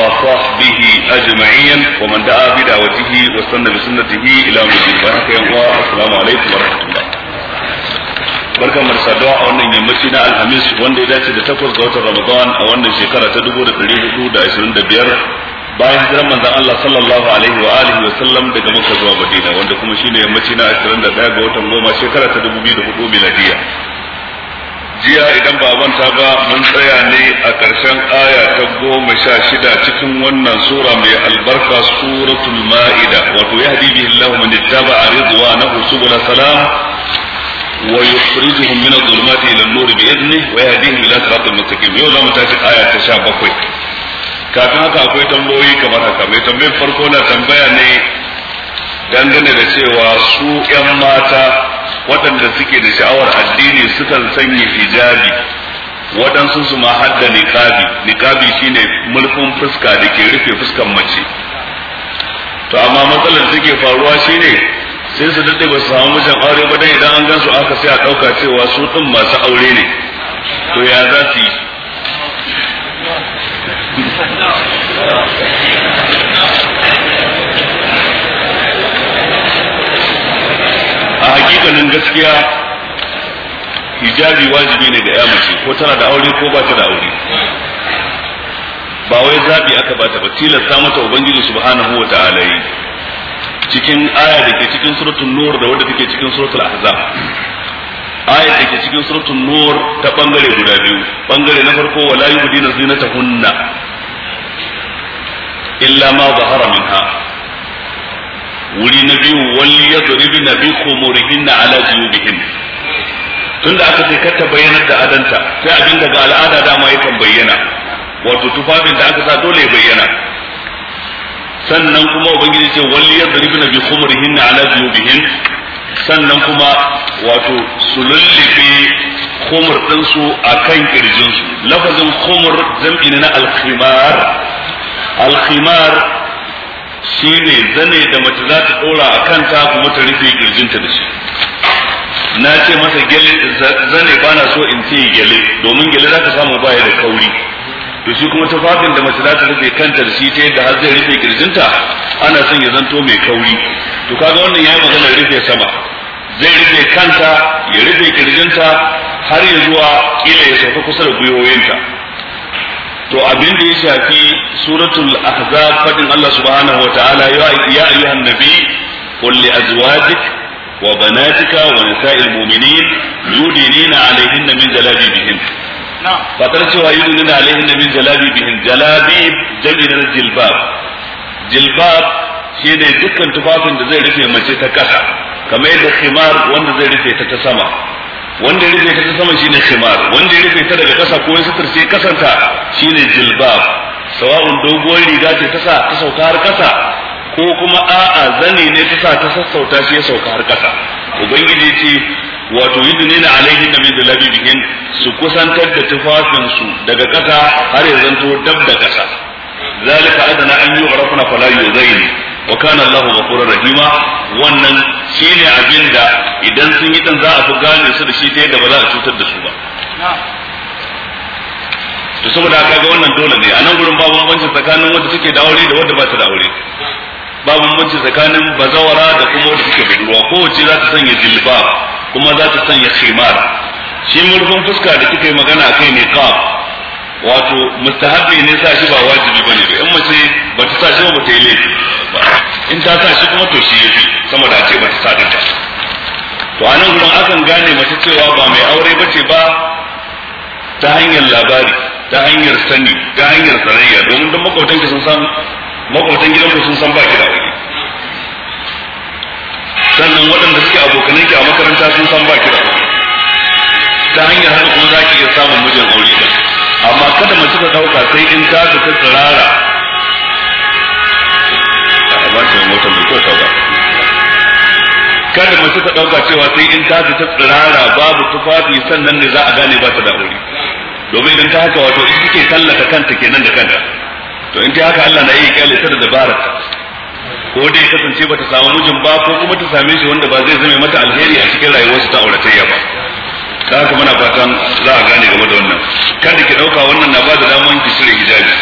وصحبه أجمعين ومن دعا بدعوته واستنى بسنته إلى مدين السلام عليكم ورحمة الله barkan mu saduwa a wannan yammaci na alhamis wanda ya dace da takwas ga watan ramadan a wannan shekara ta dubu da ɗari hudu da ashirin da biyar bayan hijiran manzon Allah sallallahu alaihi wa alihi wa sallam daga Makka zuwa Madina wanda kuma shine yammaci na 21 ga watan goma shekara ta dubu biyu da 2004 miladiya jiya idan ba manta ba mun tsaya ne a ƙarshen aya ta goma sha shida cikin wannan sura mai albarka suratul ma'ida wato ya hadi bihi Allah man ittaba'a na subul salam wa yukhrijuhum min adh-dhulumati ila an-nur bi idnihi wa yahdihim ila siratin mustaqim yau zamu tashi aya ta sha bakwai kafin haka akwai tambayoyi kamar haka mai tambayar farko na tambaya ne dangane da cewa su ‘yan mata waɗanda suke da sha'awar addini sukan sanya hijabi waɗansu su ma hadda niƙabi shi shine mulkin fuska da ke rufe fuskan mace to amma matsalar suke faruwa shine sai su daɗe ba su samu mijin aure ba dan idan an su aka sai a ɗauka cewa su ɗin masu aure ne to ya za su yi a hakikanin gaskiya hijabi wajibi ne da ya mace ko tana da aure ko ba ta da aure ba wai zabi aka bata ba tilasta mata ubangiji subhanahu wa ta'ala yi cikin aya da ke cikin suratul nur da wadda take cikin suratul ahzab aya da ke cikin suratul nur ta bangare guda biyu bangare na farko wala yubdina zinatahunna illa ma zahara minha wuri na biyu wali ya zuribi na bi kumurihin na ala jiyubihin tun da aka ce kar ta bayyana da adanta sai abin daga al'ada dama ya kan bayyana wato tufafin da aka sa dole ya bayyana sannan kuma ubangiji ce wali ya zuribi na bi kumurihin na ala biyu bihin sannan kuma wato su lullufe komar ɗinsu a kan ƙirjinsu lafazin komar jam'i na alkhimar alkhimar shine zane da mace za ta dora a kanta kuma ta rufe kirjinta da shi na ce masa gele zane ba na so in ce gele domin gele za ka samu baya da kauri to shi kuma tufafin da mace za ta rufe kanta da shi ta yadda har zai rufe kirjinta ana son ya zanto mai kauri to kaga wannan yayi magana rufe sama zai rufe kanta ya rufe kirjinta har ya zuwa kila ya sauka kusa da gwiwoyinta to abin da ya shafi suratul ahzab fadin Allah subhanahu wataala ya ayyuhan nabi qul li azwajik wa banatika wa nisa'il mu'minin yudinina alaihinna min jalabibihin fatar cewa yudinina alaihinna min jalabibihin jalabib jami'in jilbab jilbab shine dukkan tufafin da zai rufe mace ta kasa kamar yadda khimar wanda zai rufe ta ta sama wanda ya rufe ta ta sama shine khimar wanda ya rufe ta daga kasa ko ya sutur sai kasanta shine jilbab sawa'un doguwar riga ce ta sa ta sauka har kasa ko kuma a'a zane ne ta sa ta sassauta shi ya sauka har kasa ubangiji ce wato na alaihi da min su kusantar da tufafin su daga kasa har ya zanto dab da kasa zalika adana an yu'rafna fala yuzaini wa kana Allahu ghafurur rahima wannan shine abin da idan sun yi dan za a fi gane su da shi ta yadda ba za a cutar da su ba to saboda haka ga wannan dole ne a nan gurin babu bambanci tsakanin wanda suke da aure da wanda ba su da aure babu bambanci tsakanin bazawara da kuma wanda suke budurwa kowace za ta sanya jilba kuma za ta sanya khimar shi murfin fuska da kika yi magana akai ne qaf wato mustahabi ne sa shi ba wajibi bane ba in mace ba ta sa shi ba ta yi laifi in ta sa shi kuma to shi ya fi sama da ce ba ta sa din ba to anan gurin akan gane mace cewa ba mai aure bace ba ta hanyar labari ta hanyar sani ta hanyar sanayya domin don makwabtan ki sun san makwabtan ku sun san ba ki da aure sannan waɗanda suke abokanan ki a makaranta sun san ba ki da aure ta hanyar haka kuma za ki iya samun mijin aure ba. amma kada mace ta dauka sai in ta ta tsirara ba ce mota mai ta ba kada mace ta dauka cewa sai in ta ta tsirara babu tufafi sannan ne za a gane ba ta da aure domin idan ta haka wato in kike sallaka kanta kenan da kanta to in ta haka Allah na iya kyale ta da dabara ko dai kasance bata samu mijin ba ko kuma ta same shi wanda ba zai zame mata alheri a cikin rayuwarsa ta auratayya ba da haka muna fatan za a gane game da wannan kada ki dauka wannan na ba da daman ki cire hijabi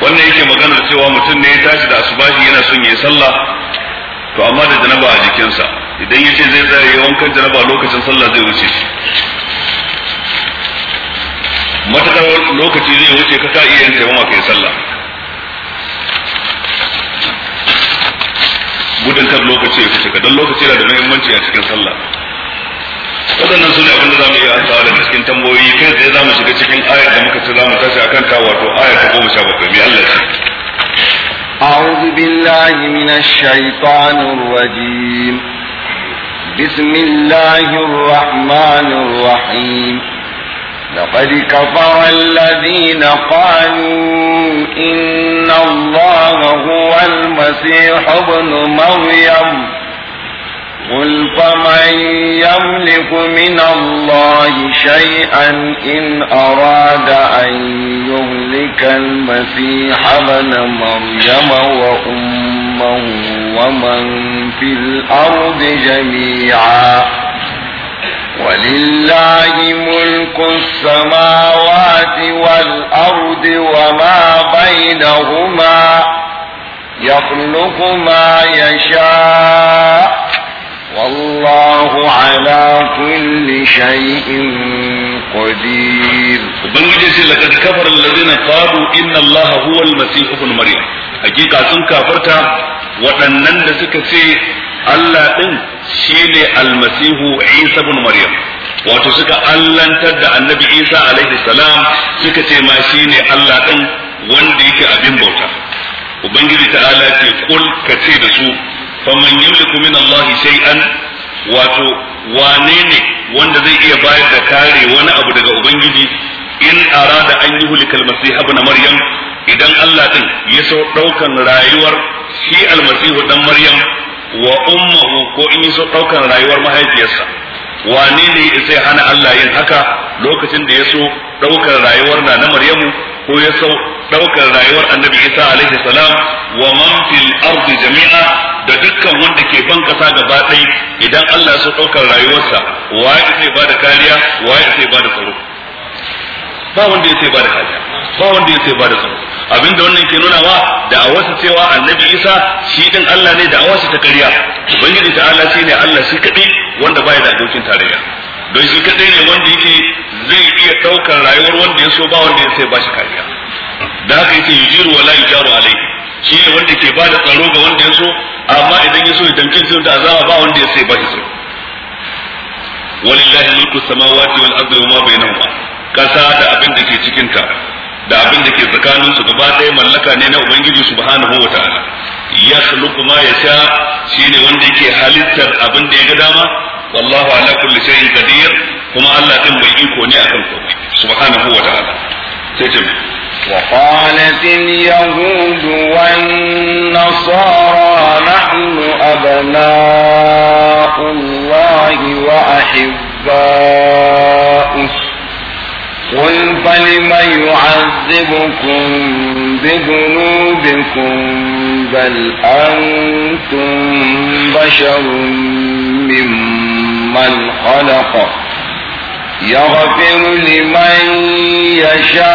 wannan yake maganar cewa mutum ne ya tashi da asubahi yana son yi sallah to amma da janaba a jikinsa idan ya ce zai tsaya wankan janaba lokacin sallah zai wuce matakar lokaci zai wuce ka sa iya yin taimama kai sallah gudun kar lokaci ya kusa dan lokaci yana da muhimmanci a cikin sallah waɗannan su ne abin da za mu iya ansawa da cikin tambayoyi kai tsaye za mu shiga cikin ayar da muka ce za mu tashi a ta wato ayar ta goma sha bakwai mai Allah ce أعوذ بالله من الشيطان الرجيم بسم الله الرحمن الرحيم لقد كفر الذين قالوا إن الله هو المسيح ابن مريم قل فمن يملك من الله شيئا إن أراد أن يهلك المسيح ابن مريم وأمه ومن في الأرض جميعا ولله ملك السماوات والأرض وما بينهما يخلق ما يشاء والله على كل شيء قدير بنجس لقد كفر الذين قالوا إن الله هو المسيح ابن مريم حقيقة سنكا فرتا وأنن لسكسي Allah din shine almasihu Isa ibn Maryam wato suka allantar da annabi Isa alaihi salam suka ce ma shine Allah din wanda yake abin bauta ubangiji ta'ala ce kul ka ce da su faman yamliku min Allah shay'an wato wane ne wanda zai iya bayar da kare wani abu daga ubangiji in arada an yi hulikal masih ibn maryam idan Allah din ya so ɗaukan rayuwar shi almasihu dan maryam wa ummuhu ko in so daukan rayuwar mahaifiyarsa wane ne sai hana Allah yin haka lokacin da ya so daukar rayuwar na na Maryamu ko ya so daukar rayuwar Annabi Isa alaihi salam wa man fil ardi jami'a da dukkan wanda ke ban kasa gaba ɗaya idan Allah so daukar rayuwarsa waye sai bada kariya waye sai bada tsaro ba wanda ya sai bada kariya ba wanda ya sai bada tsaro abinda wannan ke nuna wa wasu cewa annabi isa shi din Allah ne da da'awarsa ta kariya. ubangiji ta Allah shi ne Allah shi kaɗai wanda baya da abokin tarayya don shi kaɗai ne wanda yake zai iya ɗaukar rayuwar wanda ya so ba wanda ya sai ba shi kariya da haka yake yujiru wala yujaru alai shi ne wanda ke ba da tsaro ga wanda ya so amma idan ya so ya dankin da azaba ba wanda ya sai ba shi sai walillahi mulku samawati wal ardi wa ma bainahuma kasa da abin da ke cikin ta da abin da ke tsakanin su gaba ɗaya mallaka ne na ubangiji subhanahu wa ta'ala ya khluqu ma yasha shine wanda yake halittar abin da ya ga dama wallahu ala kulli shay'in qadir kuma Allah din mai iko ne akan komai subhanahu wa ta'ala sai ce وقالت اليهود والنصارى نحن أبناء الله وأحباؤه قل فلم يعذبكم بذنوبكم بل أنتم بشر ممن خلق يغفر لمن يشاء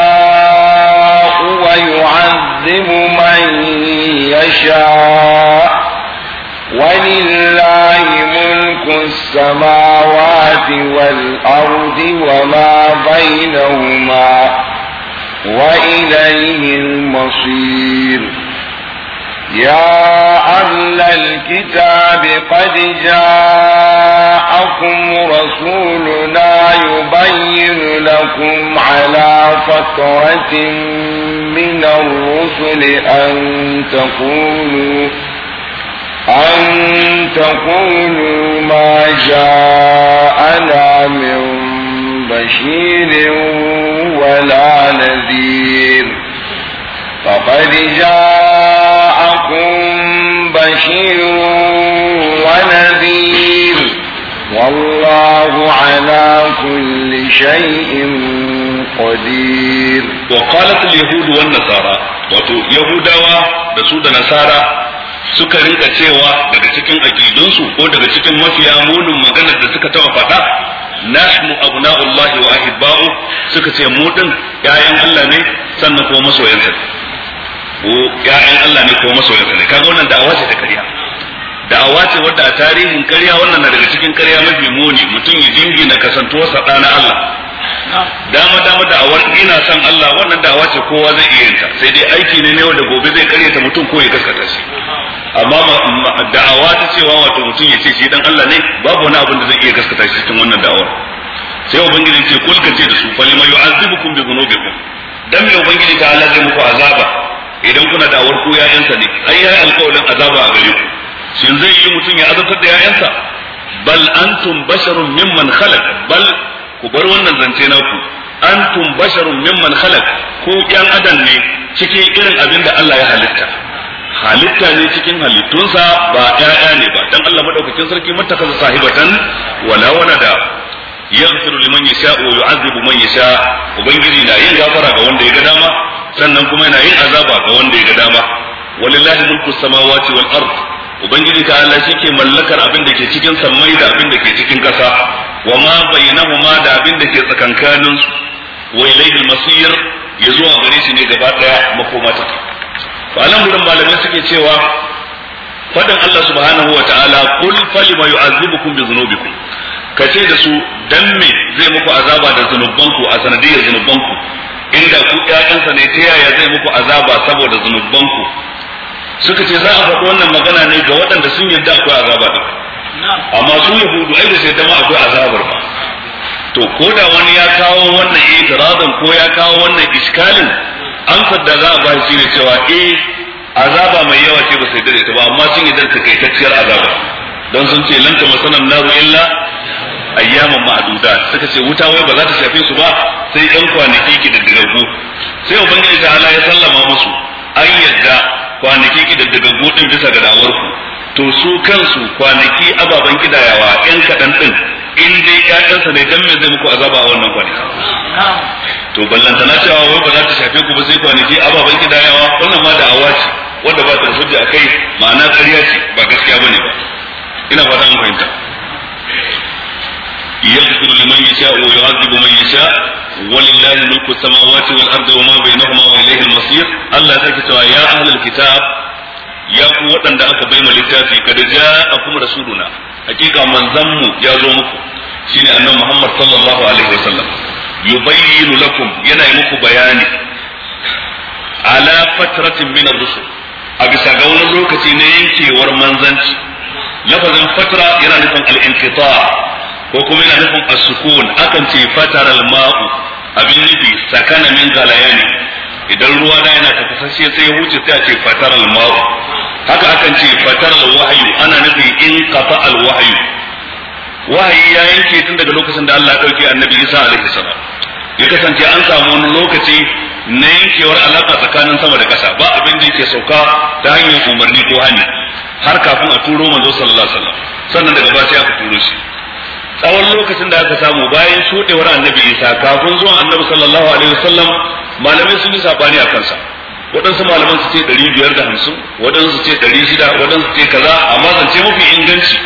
ويعذب من يشاء ولله ملك السماوات والأرض وما بينهما وإليه المصير يا أهل الكتاب قد جاءكم رسولنا يبين لكم على فترة من الرسل أن تقولوا أن تقولوا ما جاءنا من بشير ولا نذير فقد جاءكم بشير ونذير والله على كل شيء قدير وقالت اليهود والنصارى وتو يهودا وسود نصارى suka rinka cewa daga cikin akidunsu ko daga cikin mafiya munin maganar da suka taɓa faɗa nahnu abna'ullahi wa ahibba'u suka ce mu din 'ya'yan Allah ne sannan ko masoyan sa ko ƴaƴan Allah ne ko masoyan sa ne kaga wannan da'awa ce ta ƙarya da'awa ce wadda a tarihin ƙarya wannan na daga cikin ƙarya mafi muni mutum ya na kasantuwar sa ɗana Allah dama dama da'awar ina son Allah wannan da'awa ce kowa zai iya ta sai dai aiki ne ne wanda gobe zai karyata mutum ko ya kaskata shi amma da'awa ta cewa wato mutum ya ce shi dan Allah ne babu wani abin da zai iya kaskata shi cikin wannan da'awar sai ubangiji ce kul kace da su falima yu'azibukum bi dhunubikum dan me ubangiji ta Allah zai muku azaba idan kuna da'awar ku ya'yansa ne ai yayi alƙawarin azaba a gare ku shin zai yi mutum ya azabtar da ya'yansa bal antum basharun mimman khalaq bal ku bar wannan zance naku antum basharun mimman khalaq ko yan adam ne cikin irin abin da Allah ya halitta halitta ne cikin halittunsa ba ƴaƴa ne ba dan Allah madaukakin sarki mattakaza sahibatan wala wala da yaghfiru liman yasha wa yu'adhibu man yasha ubangiji na yin gafara ga wanda ya ga dama sannan kuma yana yin azaba ga wanda ya ga dama walillahi mulku samawati wal ardh ubangiji ta Allah ke mallakar abin da ke cikin sammai da abin da ke cikin ƙasa wa ma ma da abin da ke tsakankanin su wa ilayhi masir ya zuwa gare shi ne gaba daya makoma ta fa alam gurin malamai suke cewa fadin Allah subhanahu wa ta'ala qul ma yu'azzibukum bi dhunubikum kace da su dan me zai muku azaba da zunubanku a sanadiyar zunubanku inda ku ƴaƴansa ne ta yaya zai muku azaba saboda zunubanku suka ce za a faɗi wannan magana ne ga waɗanda sun yarda akwai azaba da. amma su yahudu ai da sai dama akwai azabar ba to ko da wani ya kawo wannan itirazin ko ya kawo wannan iskalin an da za a bashi ne cewa eh azaba mai yawa ce ba sai dare ta ba amma sun yi ta takaitacciyar azaba don sun ce lanta masanan naru illa ayyaman ma'aduda suka ce wuta wai ba za ta shafe su ba sai ɗan kwanaki ki da diregu sai ubangiji ta ya sallama musu an yadda kwanaki ki daga gudun bisa ga dawar ku to su kansu kwanaki ababan kidayawa yan kaɗan din in dai ƴaƴansa ne dan me zai muku azaba a wannan kwanaki to ballantana cewa wai ba za ta shafe ku ba sai kwanaki ababan kidayawa wannan ma da ce wanda ba ta hujja kai ma'ana ƙarya ce ba gaskiya bane ba ina fata an fahimta يغفر لمن يشاء ويعذب من يشاء ولله ملك السماوات والارض وما بينهما واليه المصير الله سكتوا يا اهل الكتاب ya ku waɗanda aka bai ma littafi kada ja a kuma rasuluna hakika manzanmu ya zo muku shine annabi Muhammad sallallahu alaihi wasallam yubayyinu lakum yana yi muku bayani ala fatratin min ar-rusul a bisa ga wani lokaci na yankewar manzanci lafazin fatra yana nufin al ko kuma yana nufin asukun akan ce fatar alma'u abin nufi sakana min galayani idan ruwa na yana tafasashe sai ya wuce sai a ce fatar alma'u haka akan ce fatar alwahayu ana nufin in kafa alwahayu wahayi ya yanke tun daga lokacin da Allah ya a annabi Isa alaihi salam ya kasance an samu wani lokaci na yankewar alaka tsakanin sama da ƙasa. ba abin da yake sauka ta hanyar umarni ko hanya har kafin a turo manzo sallallahu alaihi wasallam sannan daga baya sai aka turo shi tsawon lokacin da aka samu bayan shuɗewar annabi isa kafin zuwan annabi sallallahu alaihi wasallam malamai sun yi sabani a kansa waɗansu malaman su ce ɗari biyar da hamsin waɗansu ce ɗari shida waɗansu ce kaza amma zance mafi inganci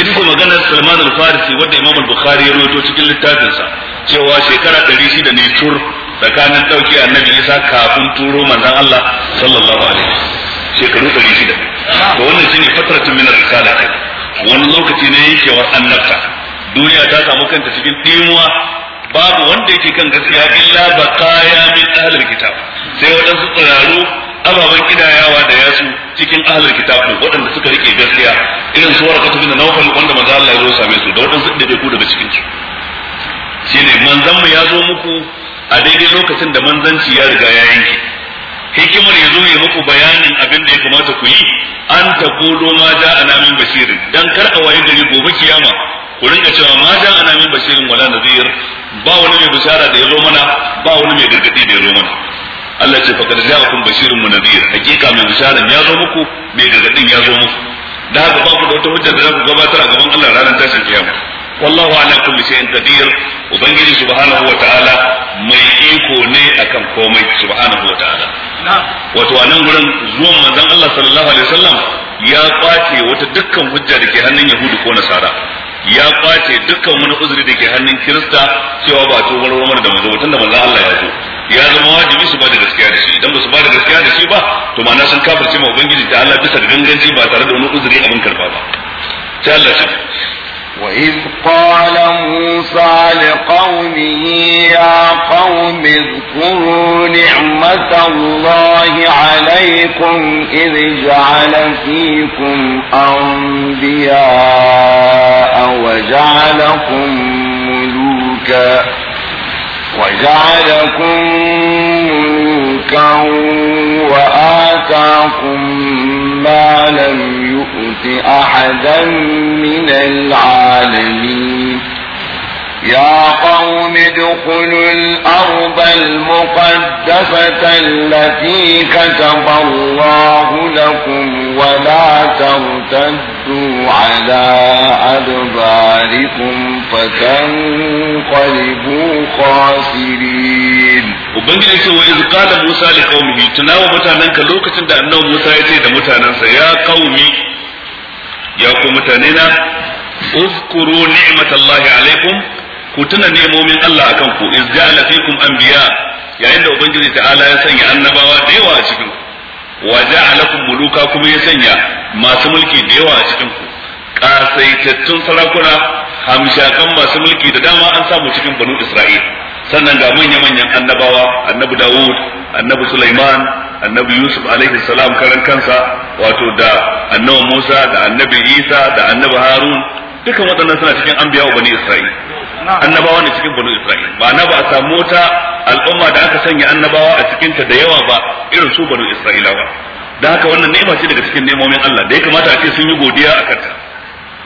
ita ce maganar salman al-farisi wadda imam al-bukhari ya rubuto cikin littafinsa cewa shekara ɗari shida ne tur tsakanin ɗauke annabi isa kafin turo manzon allah sallallahu alaihi shekaru ɗari shida to wannan shine fatratun min al-risala wani lokaci ne yankewar annabta duniya ta samu kanta cikin timuwa babu wanda yake kan gaskiya illa baqaya min ahlul kitab sai waɗansu tsararu ababen kidayawa da yasu cikin ahlul kitab waɗanda suka rike gaskiya irin su warqatu bin nawfal wanda manzo Allah ya zo same su da waɗansu da ku daga cikin su shine manzon mu ya zo muku a daidai lokacin da manzanci ya riga ya yanke hikimar ya zo ya muku bayanin abin da ya kamata ku yi an ta kodo ma da ana min basirin dan kar a waye gari gobe kiyama ku rinka cewa ma ja ana min bashirin wala nadhir ba wani mai bishara da ya zo mana ba wani mai gargadi da ya zo mana Allah ce faqad ja'akum bashirun wa nadhir hakika mai bisharan ya zo muku mai gargadin ya zo muku da haka ba ku da wata hujja da za ku gabatar a gaban Allah ranar tashin kiyama wallahu ala kulli shay'in qadir ubangiji subhanahu wa ta'ala mai iko ne akan komai subhanahu wa ta'ala wato a nan gurin zuwan manzon Allah sallallahu alaihi wasallam ya kwace wata dukkan hujja da ke hannun yahudu ko nasara ya kwace dukkan wani uzuri da ke hannun kirista cewa ba to wani umar da manzo tunda manzo Allah ya zo ya zama wajibi su ba da gaskiya da shi idan ba su ba da gaskiya da shi ba to ma'ana sun kafirce ma ubangiji ta Allah bisa ganganci ba tare da wani uzuri abin karba ba sai Allah ya وإذ قال موسى لقومه يا قوم اذكروا نعمة الله عليكم إذ جعل فيكم أنبياء وجعلكم ملوكا وجعلكم ملوكا وآتاكم ما لم أحدا من العالمين يا قوم ادخلوا الأرض المقدسة التي كتب الله لكم ولا ترتدوا على أدباركم فتنقلبوا خاسرين Ubangiji ce wa iz qala Musa li qaumihi tunawa mutananka lokacin da annabi Musa ya ce da mutanensa ya qaumi ya ku mutane na uzkuru ni'matallahi alaikum ku tuna nemomin Allah akan ku iz ja'ala fikum anbiya yayin da ubangiji ta'ala ya sanya annabawa da yawa a cikin wa ja'alakum muluka kuma ya sanya masu mulki da yawa a cikin ku kasaitattun sarakuna hamshakan masu mulki da dama an samu cikin banu Isra'il sannan ga manya-manyan annabawa annabi Dawud annabi Sulaiman annabi Yusuf alaihi salam karan kansa wato da annabi Musa da annabi Isa da annabi Harun dukan waɗannan suna cikin anbiya wa bani Isra'il annabawa ne cikin bani Isra'il ba na ba a samu wata al'umma da aka sanya annabawa a cikin ta da yawa ba irin su bani Isra'ilawa da haka wannan ni'ima ce daga cikin nemomin Allah da ya kamata a ce sun yi godiya a kanta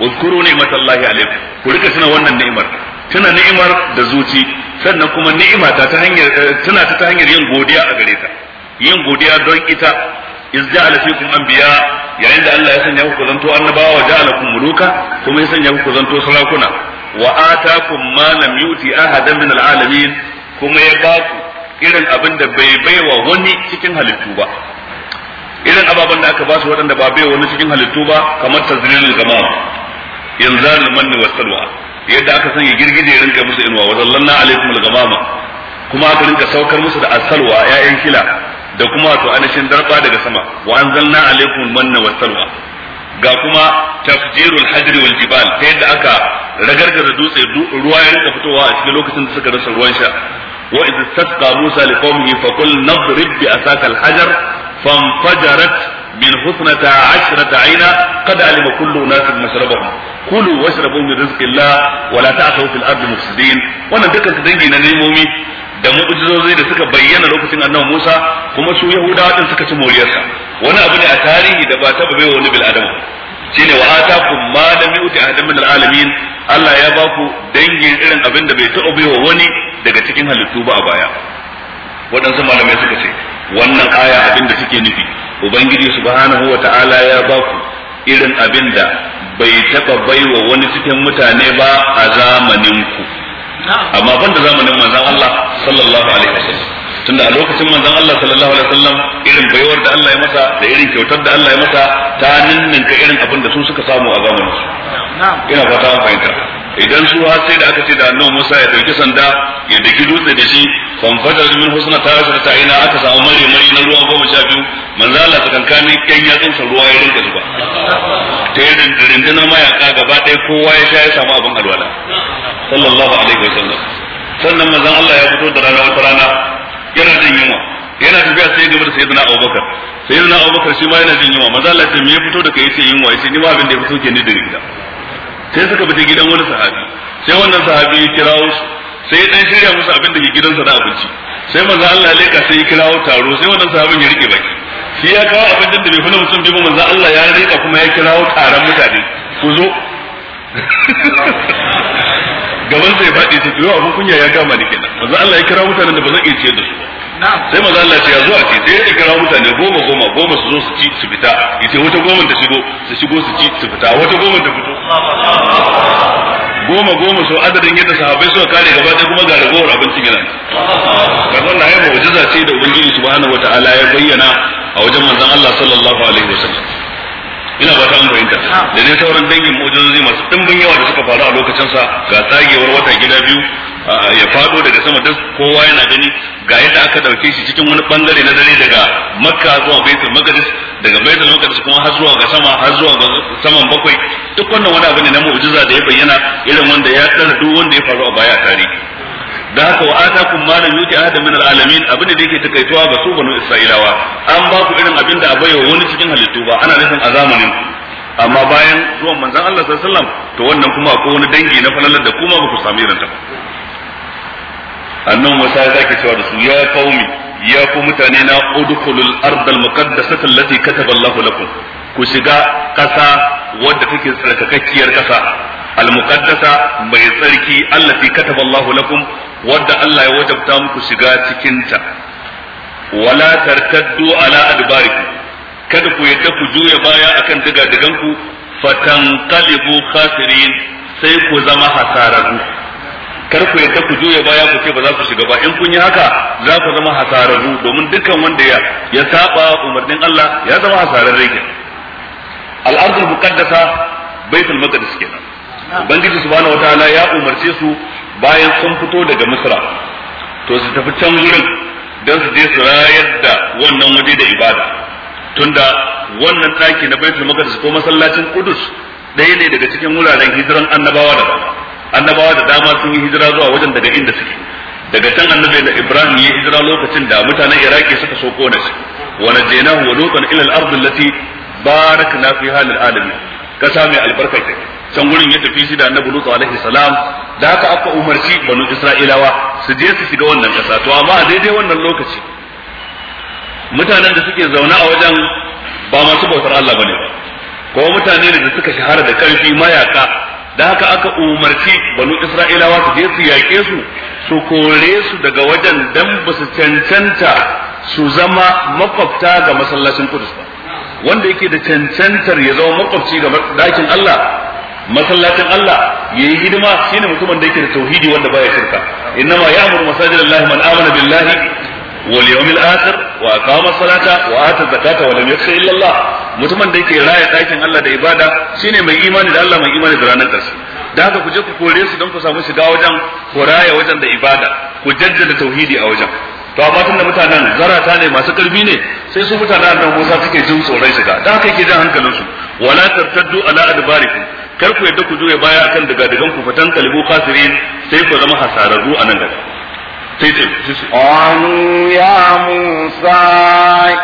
uzkuru ni'matallahi alaikum ku rika suna wannan ni'imar Tuna ni'imar da zuci sannan kuma ni'ima ta ta hanyar eh, tana ta hanyar yin godiya a gare ta yin godiya don ita iz ja'ala fikum anbiya yayin da Allah ya sanya ku zanto annabawa wa ja'alakum muluka kuma ya sanya ku zanto sarakuna wa atakum ma lam yuti ahadan min alalamin kuma ya ba ku irin abin da bai baiwa wani cikin halittu ba irin ababen da aka ba su waɗanda ba bai wani cikin halittu ba kamar tazrilul gamam yanzalul manni wasalwa yadda aka sanya girgije rinka musu inuwa wa zallanna alaikumul gamama kuma aka rinka saukar musu da asalwa ya'yan kila da kuma wato anashin darba daga sama wa anzalna alaikum manna wa salwa ga kuma tafjirul hajri wal jibal ta yadda aka ragargaza dutse ruwa ya rinka fitowa a cikin lokacin da suka rasa ruwan sha wa idh istasqa musa liqaumihi fa qul nadrib bi asaka hajar fanfajarat min husnata ashrata aina qad alima kullu unasin mashrabahum kulu washrabu min rizqillah wa la ta'thaw fil ardi mufsidin wannan dukkan dangi na nemomi da mu'jizozi da suka bayyana lokacin annabi Musa kuma su Yahudawa din suka ci moriyarsa wani abu ne a tarihi da ba taba bai wani bil adam shine wa atakum ma lam yuti ahadan min alamin Allah ya ba ku dangin irin abin da bai taɓa baiwa wani daga cikin halittu ba a baya waɗansu malamai suka ce wannan aya abin da take nufi ubangiji subhanahu wata'ala ya ba ku irin abin da bai taba baiwa wani cikin mutane ba a zamanin ku amma banda zamanin manzon Allah sallallahu alaihi wasallam tunda a lokacin manzon Allah sallallahu alaihi wasallam irin baiwar da Allah ya masa da irin kyautar da Allah ya masa ta ninninka irin abin da su suka samu a zamanin su ina fata an fahimta idan su har sai da aka ce da annabi Musa ya dauki sanda ya daki dutse da shi fan fadar min husna ta rasa ta ina aka samu mari mari na ruwan goma sha biyu manzala Allah ta kankanin yan yatsun sa ruwa ya rinka zuba ta yadda rundunar mayaka gaba ɗaya kowa ya sha ya samu abin alwala sallallahu alaihi wasallam sannan manzan Allah ya fito da rana wata rana yana jin yunwa yana tafiya sai gaba da sayyidina Abubakar sayyidina Abubakar shi ma yana jin yunwa manzo Allah ya ce me ya fito da kai sai yunwa sai ni ba abin da ya fito ke ni da rigida sai suka bi gidan wani sahabi sai wannan sahabi ya kira su sai dan shirya musu abin da ke gidansa na abinci sai manzo Allah ya leka sai ya kira taro sai wannan sahabin ya rike baki shi ya kawo abincin da bai fi na mutum bi manzo Allah ya rika kuma ya kira taron mutane ku zo gaban zai faɗi sai kiyo abun kunya ya gama ni kenan manzo Allah ya kira mutanen da ba zan iya ciyar da su sai manzo Allah ya zo a ce sai ya kira mutane goma goma goma su zo su ci su fita yace wata goma ta shigo su shigo su ci su fita wata goma ta fito goma goma so adadin yadda sahabbai suka kare gaba ɗaya kuma ga ragowar abincin yana kan wannan ayyuka mu'jiza ce da ubangiji subhanahu wataala ya bayyana a wajen manzon Allah sallallahu alaihi wasallam ina ba ta an fahimta da dai sauran dangin mu'jizozi masu dimbin yawa da suka faru a lokacin sa ga tsagewar wata gida biyu ya fado daga sama duk kowa yana gani ga yadda aka dauke shi cikin wani bangare na dare daga makka zuwa baitul maqdis daga baitul maqdis kuma har zuwa ga sama har zuwa ga saman bakwai duk wannan wani abu ne na mu'jiza da ya bayyana irin wanda ya tsara duk wanda ya faru a baya tarihi da haka wa atakum ma lam yuti ahad min alalamin abin da yake takaituwa ga su banu isra'ilawa an ba ku irin abin da abai wani cikin halittu ba ana nufin a zamanin amma bayan zuwan manzon Allah sallallahu alaihi wasallam to wannan kuma akwai wani dangi na falalar da kuma ba ku sami irin ta annan wasa ya zaki cewa da su ya qaumi ya ku mutane na udkhulul ardal muqaddasata allati kataba lakum ku shiga kasa wadda take tsarkakakkiyar kasa al-muqaddasa mai tsarki allati kataba lakum wadda Allah ya wajabta muku shiga cikinta wala tartaddu ala adbarikum kada ku yadda ku juya baya akan diga-diganku fatanqalibu khasirin sai ku zama hasararru kar ku yadda ku juya baya ku ce ba za ku shiga ba in kun yi haka za ku zama hasararru domin dukkan wanda ya ya saba umarnin Allah ya zama hasararre ke al-ardul muqaddasa baitul maqdis kenan ubangiji subhanahu wataala ya umarce su bayan sun fito daga misra to su tafi can wurin don su je su rayar da wannan waje da ibada tunda wannan ɗaki na baitul maqdis ko masallacin qudus ɗaya ne daga cikin wuraren hijiran annabawa da dama annabawa da dama sun yi hijira zuwa wajen daga inda suke daga can annabi da ibrahim ya hijira lokacin da mutanen iraki suka so kona shi wa najaynahu wa lutan ila al-ardh allati barakna fiha lil alamin kasa mai albarka take can gurin ya tafi shi da annabi Lutu alaihi salam da haka aka umarci banu Isra'ilawa su je su shiga wannan kasa to amma a daidai wannan lokaci mutanen da suke zaune a wajen ba masu bautar Allah bane ba ko mutane da suka shahara da karfi mayaka da haka aka umarci banu Isra'ilawa su je su yaƙe su su kore su daga wajen dan ba su cancanta su zama makwabta ga masallacin Qudus ba wanda yake da cancantar ya zama makwabci ga dakin Allah masallacin Allah yayi hidima shine mutumin da yake da tauhidi wanda baya shirka innama ya'muru masajidallahi man amana billahi wal yawmil akhir wa aqama salata wa ata zakata wa lam yakhsha illa Allah mutumin da yake raya dakin Allah da ibada shine mai imani da Allah mai imani da ranar karshe da haka ku je ku kore su don ku samu shiga wajen ku raya wajen da ibada ku jaddada tauhidi a wajen to amma tunda mutanen zarata ne masu karfi ne sai su mutanen nan Musa suke jin tsoron shiga da haka yake jan hankalin su wala tartaddu ala adbarikum kar ku yadda ku juya baya akan daga dagan ku fatan kalibu khasirin sai ku zama hasararru a nan gaba قالوا يا موسى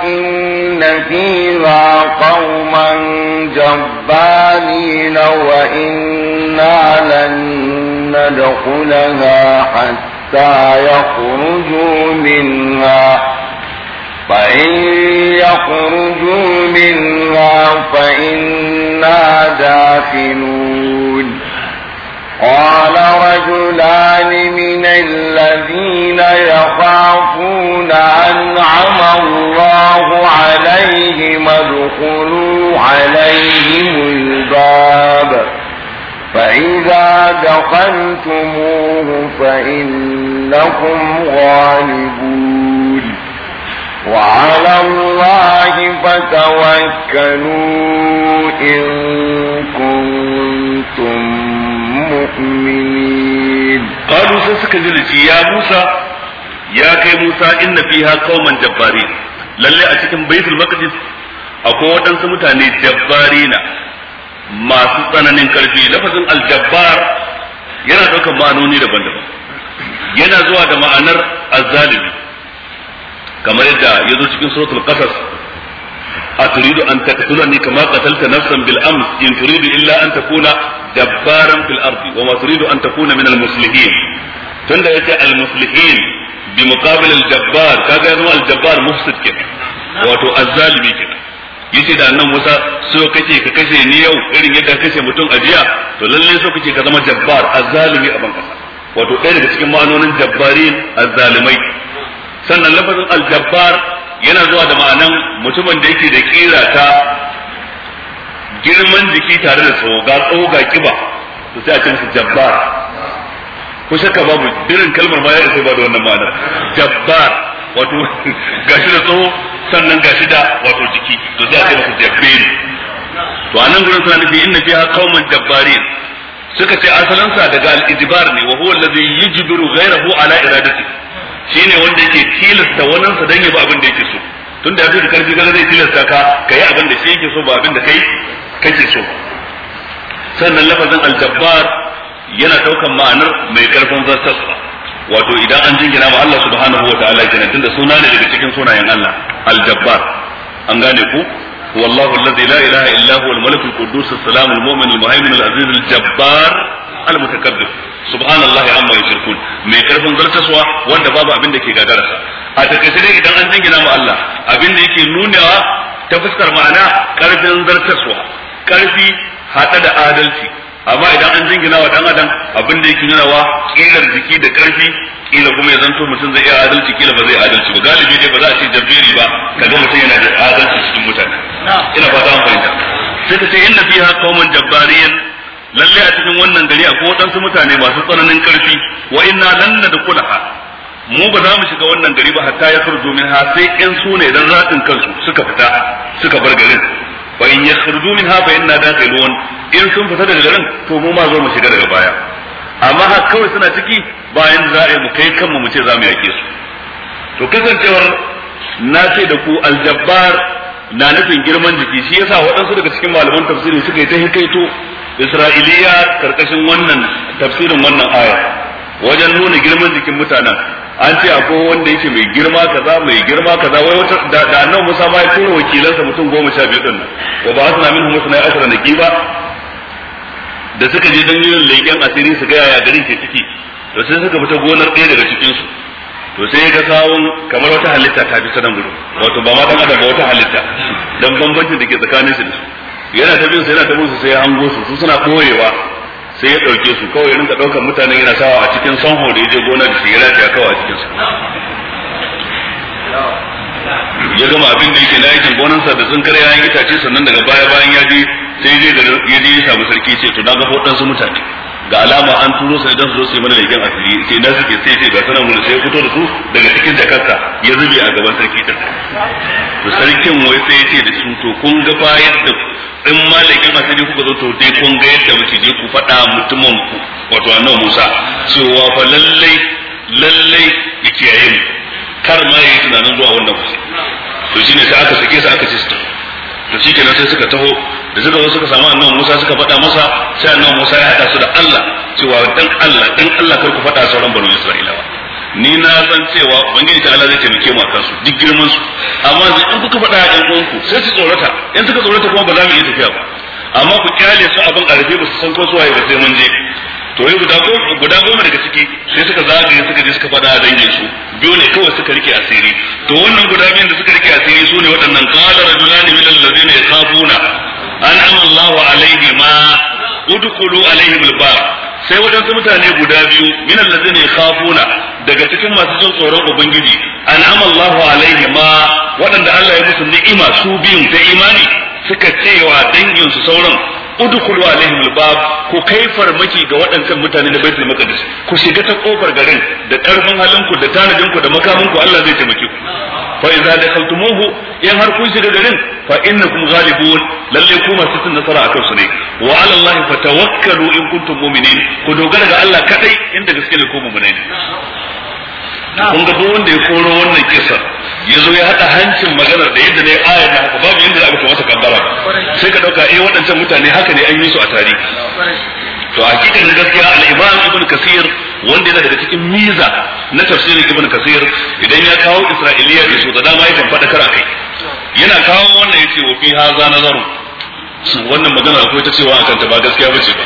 إن فيها قوما جبارين وإنا لن ندخلها حتى يخرجوا منها فإن يخرجوا منها فإنا داخلون قال رجلان من الذين يخافون أنعم الله عليهم ادخلوا عليهم الباب فإذا دخلتموه فإنكم غالبون وعلى الله فتوكلوا إن كنتم مؤمنين قالوا سسكزلتي يا موسى يا كي موسى إن فيها قوما جبارين للي أتكم بيت المقدس akwai waɗansu mutane jabbarina masu tsananin ƙarfi lafazin aljabbar yana ɗaukar ma'anoni daban-daban yana zuwa da ma'anar azzalimi kamar yadda ya zo cikin suratul qasas أتريد أن تقتلني كما قتلت نفسا بالأمس إن تريد wato azzalimi yace da nan Musa so kace ka kashe ni yau irin yadda kashe mutum a jiya to lalle so kace ka zama jabbar azzalimi a wato ɗaya daga cikin ma'anonin jabbarin azzalimai sannan lafazin aljabbar yana zuwa da ma'anan mutumin da yake da kira ta girman jiki tare da tsoga tsoga kiba to sai a su jabbar Ku shakka babu irin kalmar ma ya isa ba da wannan ma'anar jabbar wato gashi da tsoho sannan gashi da wato jiki to sai a ce masa jabbari to anan gurin suna nufi inna fiha qauman jabbarin suka ce asalansa daga al-ijbar ne wa huwa alladhi yujbiru ghayrahu ala iradatihi Shi ne wanda yake tilasta wannan sa dan ya ba abin da yake so tunda ya da karfi gaza zai tilasta ka ka yi abin da shi yake so ba abin da kai kake so sannan lafazin aljabbar yana daukan ma'anar mai karfin zartaswa wato idan an jingina ma Allah subhanahu wa ta'ala kenan tunda suna ne daga cikin sunayen Allah aljabbar an gane ku والله la la ilaha الا هو الملك القدوس السلام almu'min المهيمن alaziz aljabbar al-mutakabbir subhanallahi amma yushrikun mai karfin zartaswa wanda babu abin da ke gagararsa a takaice dai idan an dingina ma Allah abin da yake nunawa ta fuskar ma'ana karfin zartaswa karfi hada da adalci amma idan an jingina wa dan adam abin da yake nunawa kilar jiki da karfi kila kuma ya zanto mutum zai iya adalci kila ba zai adalci ba galibi dai ba za a ce jabberi ba kaga mutum yana da adalci cikin mutane ina fata an fahimta sai ta ce inna fiha qauman jabbariyan lalle a cikin wannan gari akwai waɗansu mutane masu tsananin karfi wa inna lan nadkhulaha mu ba za mu shiga wannan gari ba hatta ya furdu ha sai in su ne dan zatin kansu suka fita suka bar garin fa in min ha fa inna dakhilun in sun fita daga garin to mu ma zo mu shiga daga baya amma har kawai suna ciki bayan za a yi mu kai kanmu mu ce za mu yake su to kasancewar na ce da ku aljabbar na nufin girman jiki shi yasa waɗansu daga cikin malaman tafsiri suka yi ta hikaito isra'iliya karkashin wannan tafsirin wannan aya wajen nuna girman jikin mutanen an ce akwai wanda yake mai girma kaza mai girma kaza wai wata da, Musa ba ya tura wakilansa mutum goma sha biyu din wa ba asna minhum musna asra naqiba da suka je dan yin leƙen asiri su ga yaya garin ke ciki to sai suka fita gonar ɗaya daga cikin su to sai ga sawun kamar wata halitta ta bi sanan gudu wato ba ma dan adam ba wata halitta dan bambancin da ke tsakanin su da su yana ta bin sa yana ta musu sai ya hango su su suna koyewa sai ya dauke su kawai rinka daukar mutane yana sawa a cikin sanho da yaje gona da shi ya lafiya kawai a cikin su ya gama abin da yake na yakin sa da sun karya yan itace sannan daga baya bayan ya je sai ya je ya je ya samu sarki ce to na ga su mutane ga alama an turo sai dan zo su yi mana leken asiri sai na suke sai sai ga sanan mu sai ya fito da su daga cikin jakarta ya zube a gaban sarki ta to sarkin wai sai ya ce da su to kun ga bayan da in malaki masu girma kuka zo dai kun ga yadda muke je ku faɗa mutumin ku wato annabi Musa cewa fa lallai lallai ya kiyaye mu kar ma yayi tunanin zuwa wannan kusa to shine sai aka sake sa aka ce su to kenan sai suka taho da suka zo suka samu annabi Musa suka faɗa masa sai annabi Musa ya haɗa su da Allah cewa dan Allah dan Allah kar ku faɗa sauran banu Isra'ilawa ni na san cewa ubangiji ta Allah zai taimake mu akan su duk girman su amma in kuka faɗa ku sai su tsorata in suka tsorata kuma ba za mu iya tafiya ba amma ku kyale su abin a ba su san ko su ba sai mun je to yi guda goma daga ciki sai suka zagaye suka je suka faɗa dangin su biyu ne kawai suka rike asiri to wannan guda biyun da suka rike asiri su ne waɗannan qala rajulani min allazina yakhafuna an'ama Allahu ma udkhulu alaihim alaihi bab sai su mutane guda biyu min allazina yakhafuna daga cikin masu jin tsoron ubangiji an'ama Allahu alaihima ma waɗanda Allah ya musu ni'ima su biyun ta imani suka cewa dangin su sauran udkhulu alaihim albab ku kai farmaki ga waɗannan mutane na baitul maqdis ku shiga ta kofar garin da karfin halinku da tanadinku da makaminku Allah zai taimake ku fa idza dakhaltumuhu in har kun shiga garin fa innakum ghalibun lalle ku masu cin nasara akan su ne wa ala allahi fatawakkalu in kuntum mu'minin ku dogara ga Allah kadai inda gaske ne ku mu'minai kun ga duk wanda ya koro wannan kisa ya zo ya haɗa hancin maganar da yadda ne ayar na haka babu yadda aka masa kaddara sai ka ɗauka e waɗancan mutane haka ne an yi su a tari. to a cikin gaskiya al-imam ibn kasir wanda yana daga cikin miza na tafsirin ibn kasir idan ya kawo isra'iliya da su da dama yakan kar akai yana kawo wannan yace wa fi haza nazaru wannan magana akwai ta cewa akan ta ba gaskiya bace ba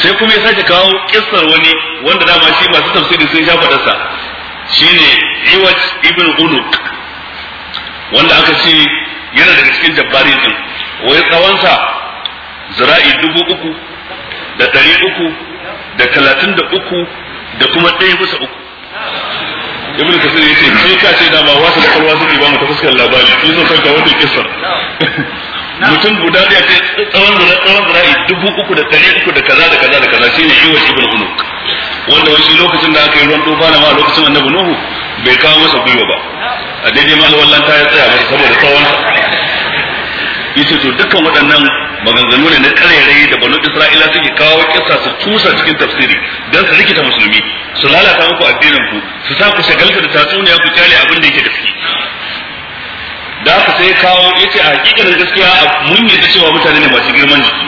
sai kuma ya sake kawo kissar wani wanda dama shi masu tafsiri sun sha dasa shine iwat ibn unuk wanda aka ce yana daga cikin jabbari din wai tsawonsa zira'i dubu uku da ɗari uku da talatin da uku da kuma ɗaya bisa uku ibn kasir yace kai ka ce dama wasu da kalwa suke ba mu ta fuskar labari kin zo kanka wannan kissar mutum guda da ce tsawon guda tsawon guda dubu uku da ɗari uku da kaza da kaza da kaza shine wasu ibn unuk wanda wani lokacin da aka yi ruwan tofa na ma lokacin annabi nuhu bai kawo masa gwiwa ba a daidai ma wallan ta ya tsaya masa saboda tsawon yace to dukkan waɗannan maganganu ne na karerai da banu isra'ila suke kawo kissa su tusa cikin tafsiri don su rikita musulmi su lalata muku addinin ku su sa ku shagalta da tatsuniya ku kyale abin da yake gaske da ku sai kawo yace a hakikanin gaskiya mun yi cewa mutane ne masu girman jiki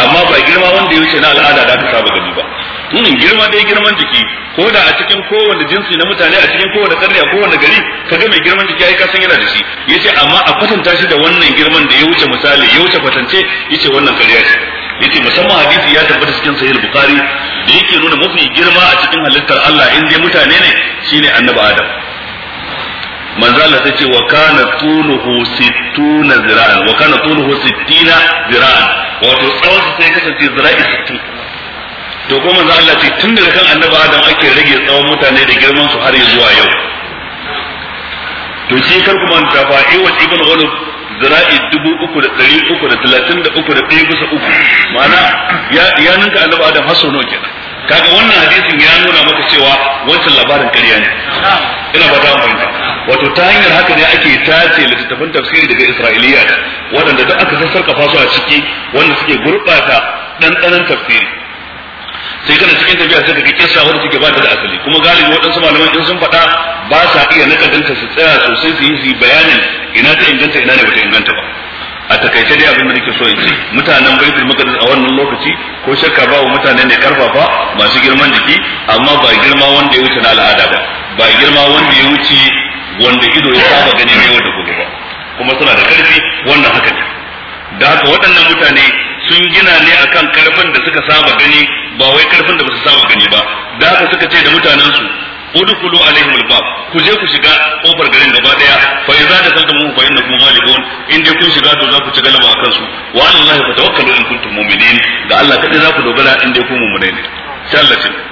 amma ba girma wanda ya na al'ada da ta saba gani ba Hmm, girma dai girman jiki ko da a cikin kowanne jinsi na mutane a cikin kowanne karya a kowanne gari ga mai girman jiki ai ka yana da shi yace amma a kwatanta shi da wannan girman da ya wuce misali ya wuce kwatance yace wannan kariya ce yace musamman hadisi ya tabbata cikin sahih bukhari da yake nuna mafi girma a cikin halittar Allah in dai mutane ne shine annabi adam manzo Allah sai ce wa kana tunuhu sittuna zira'an wa kana tunuhu sittina zira'an wato tsawon sai kasance zira'i 60 to kuma za Allah ce tun daga kan annabi Adam ake rage tsawon mutane da girman su har zuwa yau to shi kar kuma ta fa iwat ibn ghalib zira'i dubu uku da ɗari uku da talatin da uku da bisa uku ma'ana ya ninka annabi Adam har sau nawa kenan kaga wannan hadisin ya nuna maka cewa wancan labarin ƙarya ne ina ba ta fahimta wato ta hanyar haka ne ake tace littattafan tafsiri daga Isra'iliyya waɗanda duk aka sassarƙafa su a ciki wanda suke gurɓata ɗanɗanon tafsiri sai kana cikin tafiya sai ka kisa wanda suke ba ta da asali kuma galibi waɗansu malaman in sun faɗa ba sa iya nakadanta su tsaya sosai su yi su bayanin ina ta inganta ina ne bata inganta ba a takaice dai abin da nake so in ce mutanen baitul maqdis a wannan lokaci ko shakka ba wa mutane ne karfafa masu girman jiki amma ba girma wanda ya wuce na al'ada ba ba girma wanda ya wuce wanda ido ya saba gani ne wanda gobe ba kuma suna da karfi wannan haka ne da haka waɗannan mutane sun gina ne akan karfin da suka saba gani ba wai karfin da ba su saba gani ba da aka suka ce da mutanen su udkhulu alaihim albab ku je ku shiga kofar garin gaba daya fa idza dakaltum fa innakum ghalibun in dai kun shiga to za ku ci galaba akan su wa fa tawakkalu in kuntum mu'minin ga Allah kadai za ku dogara in dai ku mu'minai ne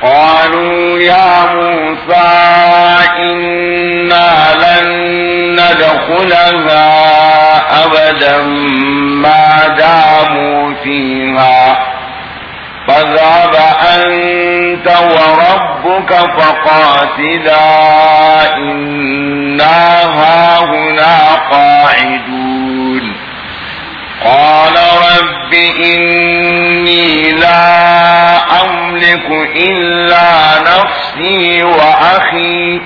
قالوا يا موسى إنا لن ندخلها أبدا ما داموا فيها فذهب أنت وربك فقاتلا إنا هاهنا قاعدون قال رب إني لا أملك إلا نفسي وأخي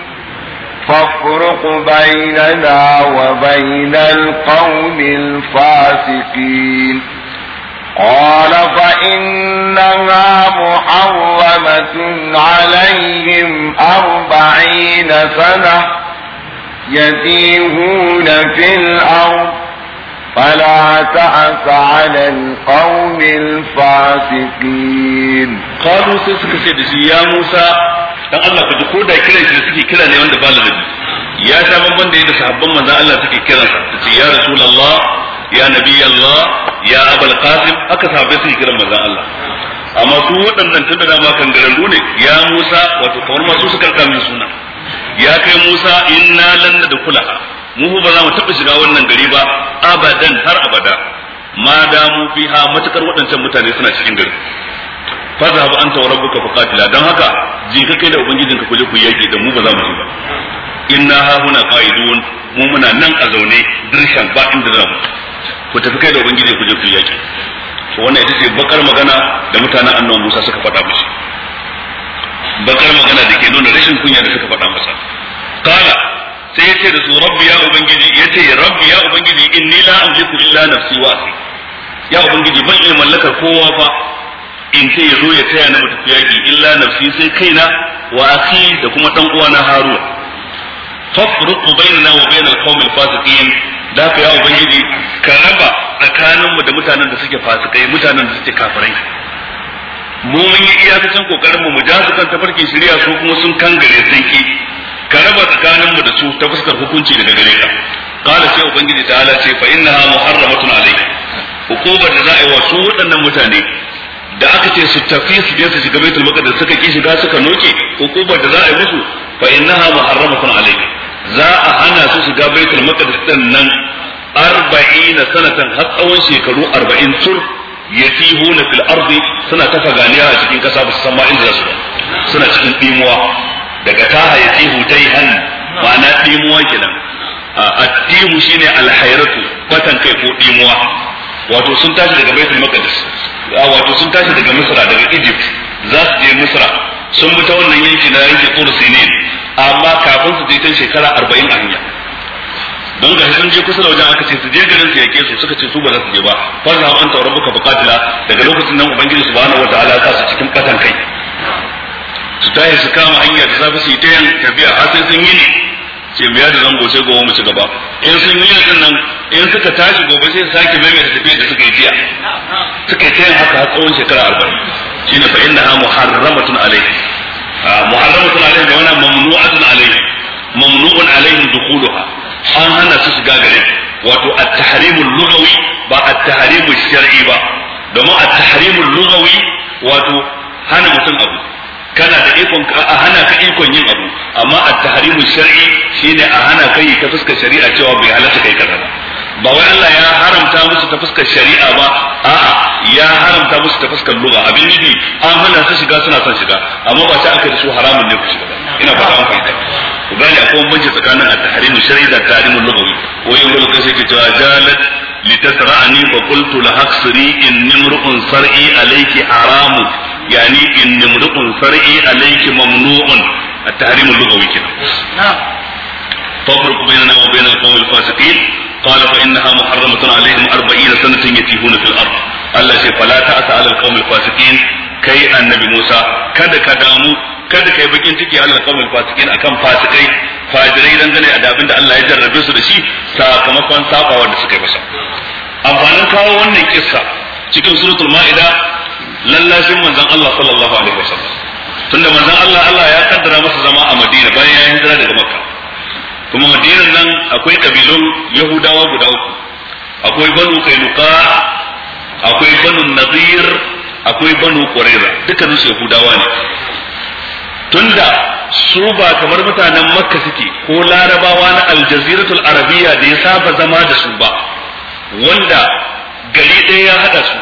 فافرق بيننا وبين القوم الفاسقين قال فإنها محرمة عليهم أربعين سنة يتيهون في الأرض فلا تعس على القوم الفاسقين قالوا سيسك سيدسي يا موسى dan Allah ka ji da kiran shi suke kira ne wanda ba ladabi ya sha bamban da yadda sahabban manzon Allah suke kiran sa su ce ya rasulullah ya nabiy Allah ya abul qasim haka sahabbai suke kiran manzon Allah amma su waɗannan tun da dama kan garandu ne ya Musa wato kamar masu suka kamin suna ya kai Musa inna lan nadkhulaha mu ba za mu taɓa shiga wannan gari ba abadan har abada ma mu fiha matukar waɗancan mutane suna cikin gari ba anta wa rabbuka qatila dan haka je ka kai da ubangijinka ku je ku yaki da mu ba za mu ji ba inna ha huna qa'idun mu muna nan a zaune dirshan ba inda za mu ku tafi kai da ubangiji ku je ku yaki to wannan ita ce bakar magana da mutanen annabawa Musa suka faɗa masa bakar magana da ke nuna rashin kunya da suka faɗa masa kala sai yace da su rabbi ya ubangiji yace rabbi ya ubangiji inni la amliku illa nafsi wa akhi ya ubangiji ban iya mallakar kowa fa in ce yazo ya taya na mutu yaki illa nafsi sai kaina wa akhi da kuma dan uwana haruna fafruqu bainana wa bainal qaumil fasiqin da ka ya ubangiji ka raba tsakaninmu da mutanen da suke fasikai mutanen da suke kafirai mu mun yi iyakacin kokarin mu mu ja su kan tafarkin shari'a su kuma sun kangare sun ki ka raba tsakaninmu da su ta fuskar hukunci daga gare ka qala sai ubangiji ta'ala ce fa innaha muharramatun alayka Hukumar da za a yi wa su waɗannan mutane da aka ce su tafi su je su shiga baitul maqdis suka ki shiga suka noke Hukumar da za a yi musu fa innaha muharramatun alayka za a hana su shiga baitul maqdis din nan arba'ina sanatan har tsawon shekaru arba'in tur yatihuna fil ardi suna tafa ganiya a cikin kasa ba su san ma inda za su suna cikin dimuwa daga taha ya hutai taihan ma'ana dimuwa kenan a tihu shine al-hayratu kwatan kai ko dimuwa wato sun tashi daga baitul maqdis wato sun tashi daga misra daga egypt za su je misra sun bi ta wannan yanki na yanki tsoro sinin amma kafin su je ta shekara arba'in a hanya don ga sun je kusa da wajen aka ce su je garin su yake su suka ce su ba za su je ba farza an tauran buka bukatila daga lokacin nan ubangiji subhanahu wataala ya sa su cikin katan kai su tashi su kama hanya da safi su yi ta yan tafiya har sai sun yi ne ce biya da zango sai gobe mu ci gaba in sun yi din nan in suka tashi gobe sai su sake mai tafiya da suka yi jiya suka yi ta yin haka har tsawon shekara arba'in shine fa ha muharramatun alaihi ah, muharramatun alaihi da wani mamnu'atun alaihi mamnu'un alaihi dukuluha an hana su shiga gare wato at-tahrimul lughawi ba at-tahrimul shar'i ba domin at-tahrimul lughawi wato hana mutum abu kana da ikon a hana ka ikon yin abu amma a tahrimu shar'i shine a hana kai ta fuskar shari'a cewa bai halatta kai kaza ba ba wai Allah ya haramta musu ta fuskar shari'a ba a'a ya haramta musu ta fuskar lugha abin nufi an hana su shiga suna son shiga amma ba ta aka da su haramun ne ku shiga ina ba an fahimta ku gane akwai bambanci tsakanin at-tahrimu shar'i da at-tahrimu lughawi wai in lugha sai ke cewa jalat litasra'ani fa qultu la haqsiri in nimru'un sar'i alayki haramu yani in nimrukun sar'i alayki mamnu'un at-tahrim al-lughawi kina fafruq bainana wa قال فإنها محرمة عليهم أربعين سنة يتيهون في الأرض الله فلا تأس على القوم الفاسقين كي النبي موسى كد كدامو kada kai bakin ciki Allah kawai fasikin akan fasikai fajirai dangane da abin da Allah ya jarrabe su da shi sakamakon sabawa da suka yi masa amfanin kawo wannan kissa cikin suratul ma'ida lallashin manzon Allah sallallahu alaihi wasallam tunda manzon Allah Allah ya kaddara masa zama a Madina bayan ya hijira daga Makka kuma Madinar nan akwai kabilun Yahudawa guda uku akwai Banu Kainuka akwai Banu Nadir akwai Banu Qurayza dukkanin su Yahudawa ne tunda su ba kamar mutanen Makka suke ko Larabawa na Aljaziratul Arabiya da ya saba zama da su ba wanda gari ɗaya ya haɗa su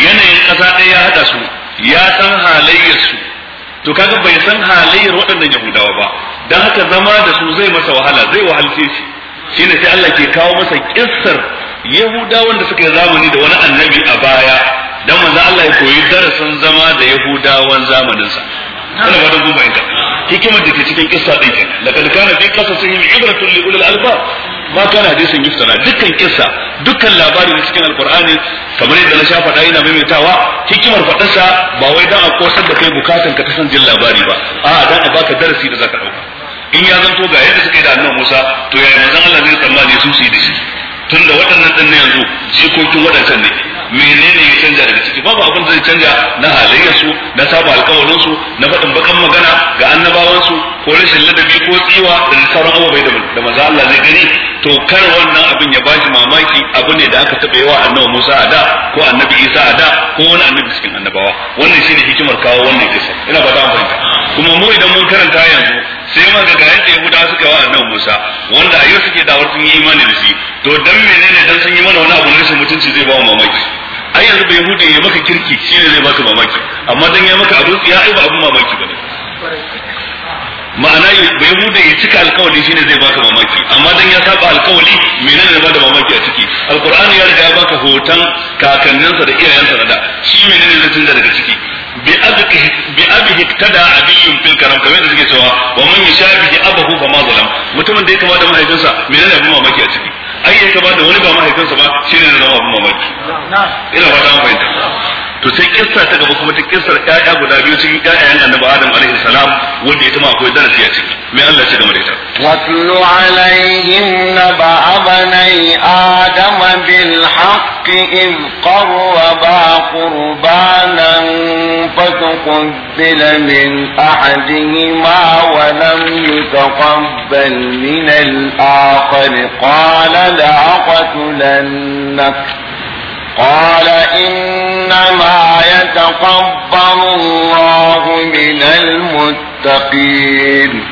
yanayin ƙasa ɗaya ya haɗa su ya san halayyar to kaga bai san halayyar waɗannan yahudawa ba don haka zama da su zai masa wahala zai wahalce shi shine sai Allah ke kawo masa kissar yahudawan da suka yi zamani da wani annabi a baya don manzo Allah ya koyi darasin zama da yahudawan zamaninsa kana ba da gumba hikimar da ke cikin kissa din kenan laqad kasa sun yi ibratun li albab ma kana hadisin yusana dukkan kissa dukkan labarin cikin alqur'ani kamar yadda na sha faɗa yana maimaitawa hikimar faɗarsa ba wai dan a kosar da kai bukatan ka kasan jin labari ba a dan a baka darasi da zaka dauka in ya zanto ga yadda suka yi da annabi Musa to yaya manzon Allah zai tsammani su su yi da shi tunda waɗannan din yanzu jikokin waɗancan ne menene ya canja daga ciki babu abin da zai canja na halayyar su na saba alƙawarin su na faɗin bakan magana ga annabawan su ko rashin ladabi ko tsiwa da sauran abubuwa da da maza Allah zai gani to kar wannan abin ya bashi mamaki abu ne da aka taɓa yawa annabi Musa a da ko annabi Isa a da ko wani annabi cikin annabawa wannan shi ne hikimar kawo wannan kisa ina ba da fahimta kuma mu idan mun karanta yanzu sai ma ga yadda Yahuda suka wa annabi Musa wanda a yau suke da wurin yi imani da shi to dan menene dan sun yi mana wani abu na rashin mutunci zai ba mu mamaki ai yanzu bai hude ya maka kirki shi ne zai baka mamaki amma dan ya maka abu ya ai ba abun mamaki bane ma'ana bai hude ya cika alkawali shi ne zai baka mamaki amma dan ya saba alkawali menene ba da mamaki a ciki alqur'ani ya riga ya baka hoton kakanninsa da iyayensa da da shi menene zai tunda daga ciki bi abi abihi tada abiyun fil karam kamar da suke cewa wa man yashabi abahu fa ma zalam mutumin da ya kama da mahaifinsa menene abun mamaki a ciki ai ya kaba da wani ba mahaifinsa ba shine ne zama abin mamaki ina ba dan fahimta to sai kissa ta gaba kuma ta kissar ƴaƴa guda biyu cikin ƴaƴan annabi Adam alaihi salam wanda ita ma akwai darasi a ciki من الله ce game da واتل عليهم نبع بني آدم بالحق إذ قربا قربانا فتقبل من أحدهما ولم يتقبل من الآخر قال لأقتلنك قال إنما يتقبل الله من المتقين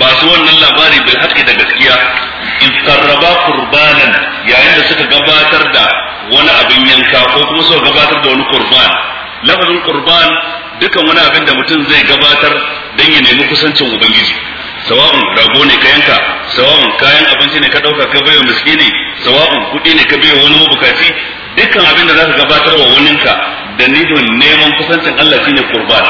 ba su wannan labari bai haqqi da gaskiya in qarraba qurbanan yayin da suka gabatar da wani abin yanka ko kuma suka gabatar da wani kurban. lafazin qurban dukan wani abin da mutum zai gabatar dan ya nemi kusancin ubangiji sawa'un rago ne ka yanka sawa'un kayan abinci ne ka dauka ka baiwa miskini sawa'un kuɗi ne ka baiwa wani mabukaci dukkan abin da zaka gabatar wa waninka da nidon neman kusancin Allah shine qurban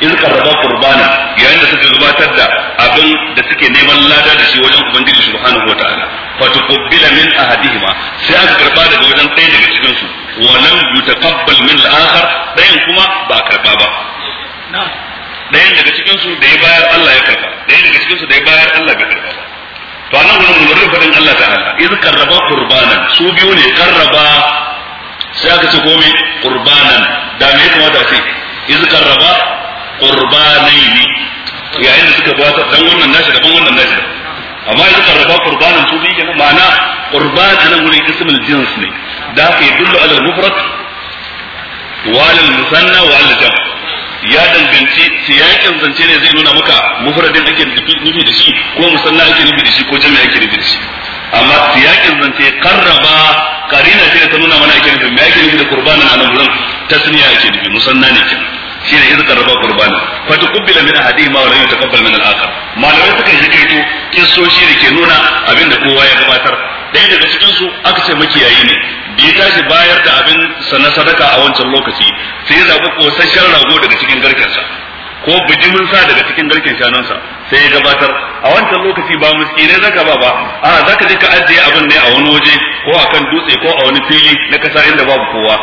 in qarraba qurbana yayin da suke zubatar da abin da suke neman lada da shi wajen ubangiji subhanahu wataala fa tuqbila min ahadihima sai aka karba daga wajen ɗaya daga cikin su wa lam yutaqabbal min al-akhar ɗayan kuma ba karba ba ɗayan daga cikin su da ya bayar Allah ya karba ɗayan daga cikin su da ya bayar Allah bai karba ba to anan gurin gurin fadin Allah ta'ala iz qarraba qurbanan su biyu ne qarraba sai aka ce komai qurbanan da me kuma da sai iz qarraba qurbanaini yayin da suka bata dan wannan nashi da wannan nashi amma idan ka raba qurbanan su bi kenan ma'ana qurban nan gurin ismul jins ne da haka yadullu ala al-mufrad wa ala al-musanna wa ala al-jam ya danganci siyakin zance ne zai nuna maka mufradin ake nufi da shi ko musanna ake nufi da shi ko jami'a ake nufi da shi amma siyakin zance qarraba karina ce da ta nuna mana ake nufi me ake nufi da qurbanan anan gurin tasniya ake nufi musanna ne kenan shine iz karaba qurbana fa kubila min ma wa lam yutaqabbal min al-akhar malamai suka rikaito kissoshi da ke nuna abin da kowa ya gabatar dai daga cikin su aka ce makiyayi ne bi ta tashi bayar da abin sa na sadaka a wancan lokaci sai ya zaɓi kosasshen rago daga cikin garkensa ko bijimin sa daga cikin garken shanunsa sai ya gabatar a wancan lokaci ba miskinai zaka ba ba a zaka je ka ajiye abin ne a wani waje ko a kan dutse ko a wani fili na kasa inda babu kowa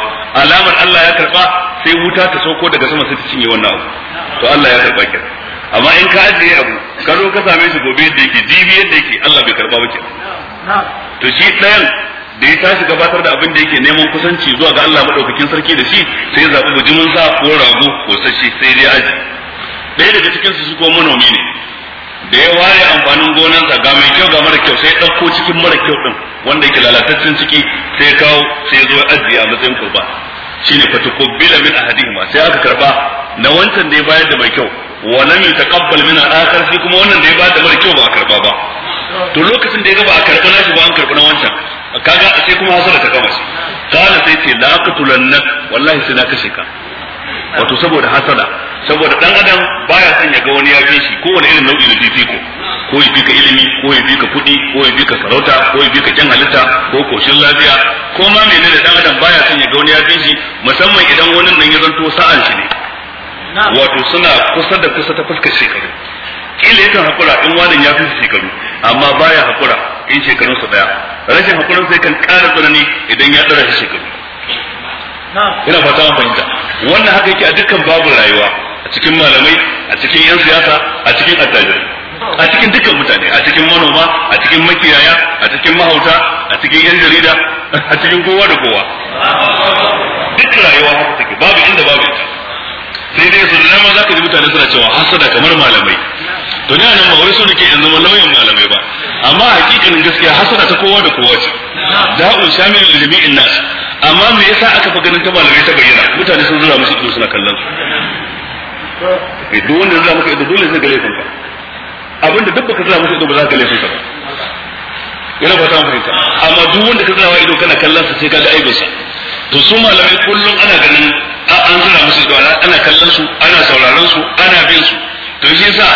alamar Allah ya karba sai wuta ta sauko daga sama sai ta cinye wannan abu to Allah ya karba ki amma in ka ajiye abu ka zo ka same shi gobe yadda yake jibi yadda yake Allah bai karba ba ke to shi ɗayan da ya tashi gabatar da abin da yake neman kusanci zuwa ga Allah madaukakin sarki da shi sai ya zaɓi bijimin sa ko rago ko sashi sai ya aji ɗaya daga cikin su ko manomi ne da ya ware amfanin gonansa ga mai kyau ga mara kyau sai ɗauko cikin mara kyau ɗin wanda yake lalataccen ciki sai kawo sai ya zo ajiye a matsayin kurba shine bila min ahadihima sai aka karba na wancan da ya bayar da mai kyau wa lam yutaqabbal min al-akhar shi kuma wannan da ya bayar da mara kyau ba a karba ba to lokacin da ya ga ba a karba nashi ba an karba na wancan kaga sai kuma hasara ta kama shi kana sai ce la aqtulannaka wallahi sai na kashe ka wato saboda hasada saboda dan adam baya son ya ga wani ya fi ko wani irin nau'i na fifiko ko ya fika ilimi ko ya fika kuɗi ko ya fika sarauta ko ya fika kyan halitta ko koshin lafiya ko ma menene dan adam baya son ya ga wani ya shi musamman idan wani nan ya zanto sa'an shi ne wato suna kusa da kusa ta fuskar shekaru kila yakan hakura in wadan ya fi shekaru amma baya hakura in shekarunsa daya rashin hakurin sai kan ƙara tsanani idan ya ɗara shekaru ina fata an fahimta wannan haka yake a dukkan babu rayuwa a cikin malamai a cikin yan siyasa a cikin attajirai a cikin dukkan mutane a cikin manoma a cikin makiyaya a cikin mahauta a cikin yan jarida a cikin kowa da kowa duk rayuwa haka take babu inda babu ita sai dai sun nama za ji mutane suna cewa hasada kamar malamai to ni nan ba wai su nake yanzu lauyan malamai ba amma hakikanin gaskiya hasada ta kowa da kowa ce da'u shamil lil jami'in nas amma me yasa aka fa ganin ta malamai ta bayyana mutane sun zura musu ido suna kallon su eh, duk wanda zura maka ido dole zai gale laifin ka abinda duk baka zura musu ido ba za ka laifin ka ba ina ba ta fahimta amma duk wanda ka zura ido kana kallon sa sai ka ga aibinsa to su malamai kullum ana ganin an zura musu ido ana kallon su ana sauraron su ana bin su to shi yasa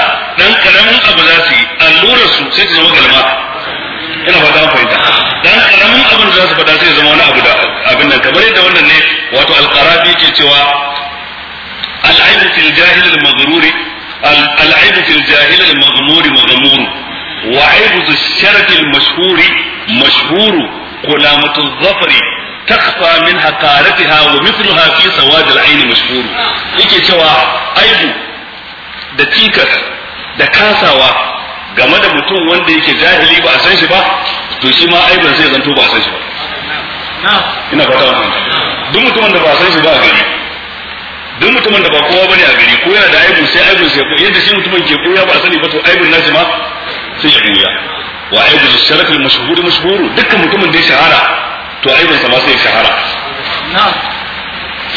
dan karamin abu za su yi allurar su sai ta zama galma ina ba ta fahimta dan karamin abin da za su fada sai zama wani abu da abin nan kamar yadda wannan ne wato alqarabi yake cewa al'aibu fil jahil al maghruri al'aibu fil jahil al maghruri maghrur wa aibu ash-sharaf al mashhuri mashhur qulamatu adh-dhafari تخفى من حقارتها ومثلها في سواد العين مشهور yake cewa aibu da tikas da kasawa game da mutum wanda yake jahili ba a san shi ba to shi ma aibin sai zanto ba a san shi ba ina fata wannan duk mutumin da ba a san shi ba a gari duk mutumin da ba kowa bane a gari ko yana da aibin sai aibin sai ko yadda shi mutumin ke koya ba a sani ba to aibun nashi ma sai ya koya wa aibin sharafil mashhur mashhur dukkan mutumin da ya shahara to aibin sa ma sai ya shahara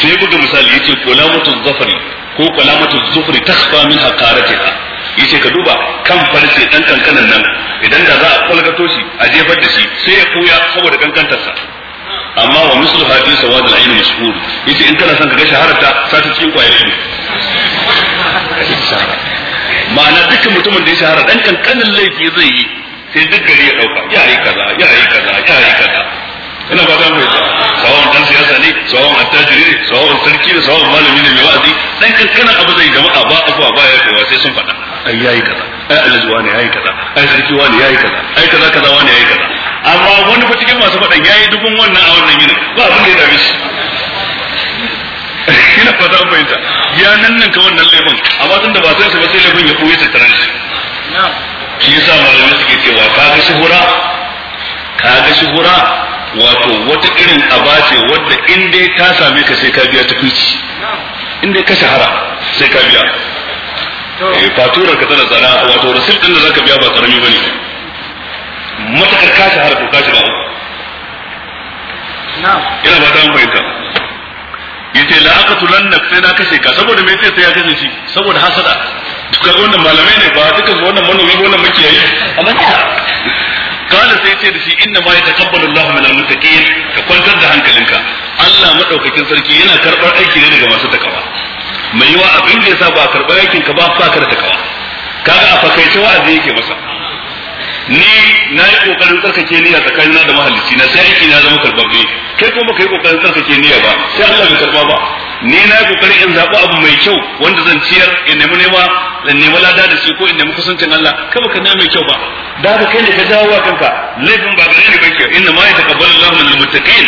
sai da misali yace kulamatu zafari ko kulamatu zufri takhfa min aqaratiha yace ka duba kan farce dan kankanan nan idan da za a kulgato shi a jefar da shi sai ya kuya saboda kankantarsa amma wa mislu hadis sawad al-ayn mashhur yace in kana son ka ga shahararta sa ta cikin kwayar ido ma'ana dukkan mutumin da ya shahara dan kankanin laifi zai yi sai duk gari ya dauka ya yi kaza ya yi kaza ya yi kaza ina ba za mai yi dan siyasa ne sawon attajiri ne sawon sarki ne sawon malami ne mai wa'azi dan kankanin abu zai jama'a ba abuwa ba ya kai sai sun faɗa ai yayi kaza ai alhaji wani yayi kaza ai sarki wani yayi kaza ai kaza kaza wani yayi kaza amma wani fa cikin masu faɗan yayi dubun wannan a wannan yinin ba abin da ya dame shi ina fata an fahimta ya nan nan ka wannan laifin amma tunda ba sai ba sai laifin ya koyi tattaran shi shi yasa malamai suke cewa ka kaga shuhura kaga shuhura wato wata irin aba ce wadda in dai ta same ka sai ka biya tukuici in dai ka shahara sai ka biya faturar eh, ka tana tsada wato rasul din da zaka biya ba karami bane matakar har ko to ba shiga ina ba ta fahimta yace la aqtulannak sai na kashe ka saboda me yace sai ya kashe shi saboda hasada duka wannan malamai ne ba duka wannan manomi wannan makiyayi amma kala sai ce da shi inna ma yataqabbalu Allahu min al-muttaqin ka kwantar da hankalinka Allah madaukakin sarki yana karbar aiki ne daga masu takawa mai yiwa abin da yasa ba a karɓar aikin ka ba ba ka da takawa kaga a fakaice wa'azi yake masa ni na yi kokarin tsarkake niyya tsakanina da mahalicci na sai aiki na zama karɓaɓɓe kai kuma kai kokarin tsarkake niyya ba sai Allah bai karɓa ba ni na yi kokarin in zaɓi abu mai kyau wanda zan ciyar in nemi nema in nemi lada da shi ko in nemi kusancin Allah kama ka nema mai kyau ba da haka kai ne ka jawo wa kanka laifin ba gare ni ba ke inna ma yataqabbalu Allahu minal muttaqin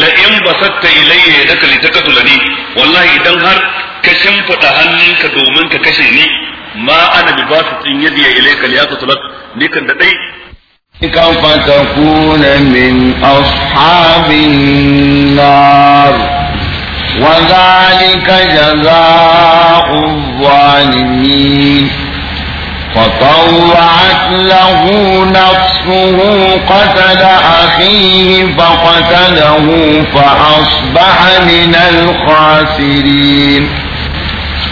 la in basatta ilayya yadaka litakatulani wallahi idan har ka shimfiɗa hannunka domin ka kashe ni ma ana bi ba su tsin yadi ya ilaika liya ka tulak ni kan da dai كيف تكون من أصحاب النار وذلك جزاء الظالمين فطوعت له نفسه قتل أخيه فقتله فأصبح من الخاسرين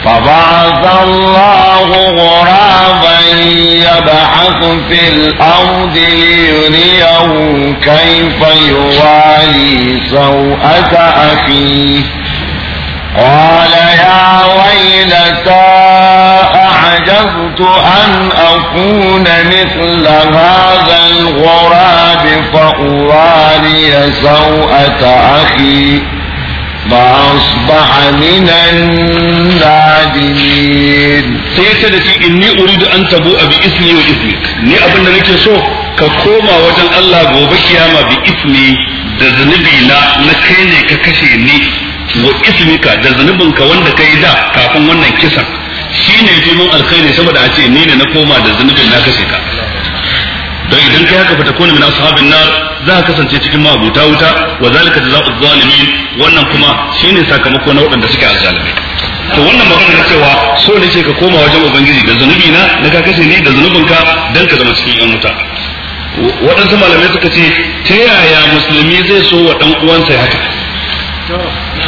فبعث الله غرابا يبحث في الأرض ليريه كيف يوالي سوءة أخيه قال يا ويلتا أعجزت أن أكون مثل هذا الغراب فأوالي سوءة أخي فأصبح من النادمين سيسد في إني أريد أن تبوء بإسمي وإسمك ني أبن لك يسو كقوما وجل الله غوبك ياما بإسمي دزنبي لا نكيني ككشيني وإسمك دزنبنك وند كيدا كافن ونن كسا شيني في fi mun سبدا عشي a ce ni لا na koma don idan kai haka kone min ashabin nar za ka kasance cikin mabuta wuta wa zalika jazaa'u zalimin wannan kuma shine sakamako na waɗanda suke azzalimai to wannan magana na cewa so ne ce ka koma wajen ubangiji da zanubi na na ka kashe ni da zanubinka dan ka zama cikin yan wuta waɗansu malamai suka ce ta yaya musulmi zai so wa ɗan uwansa haka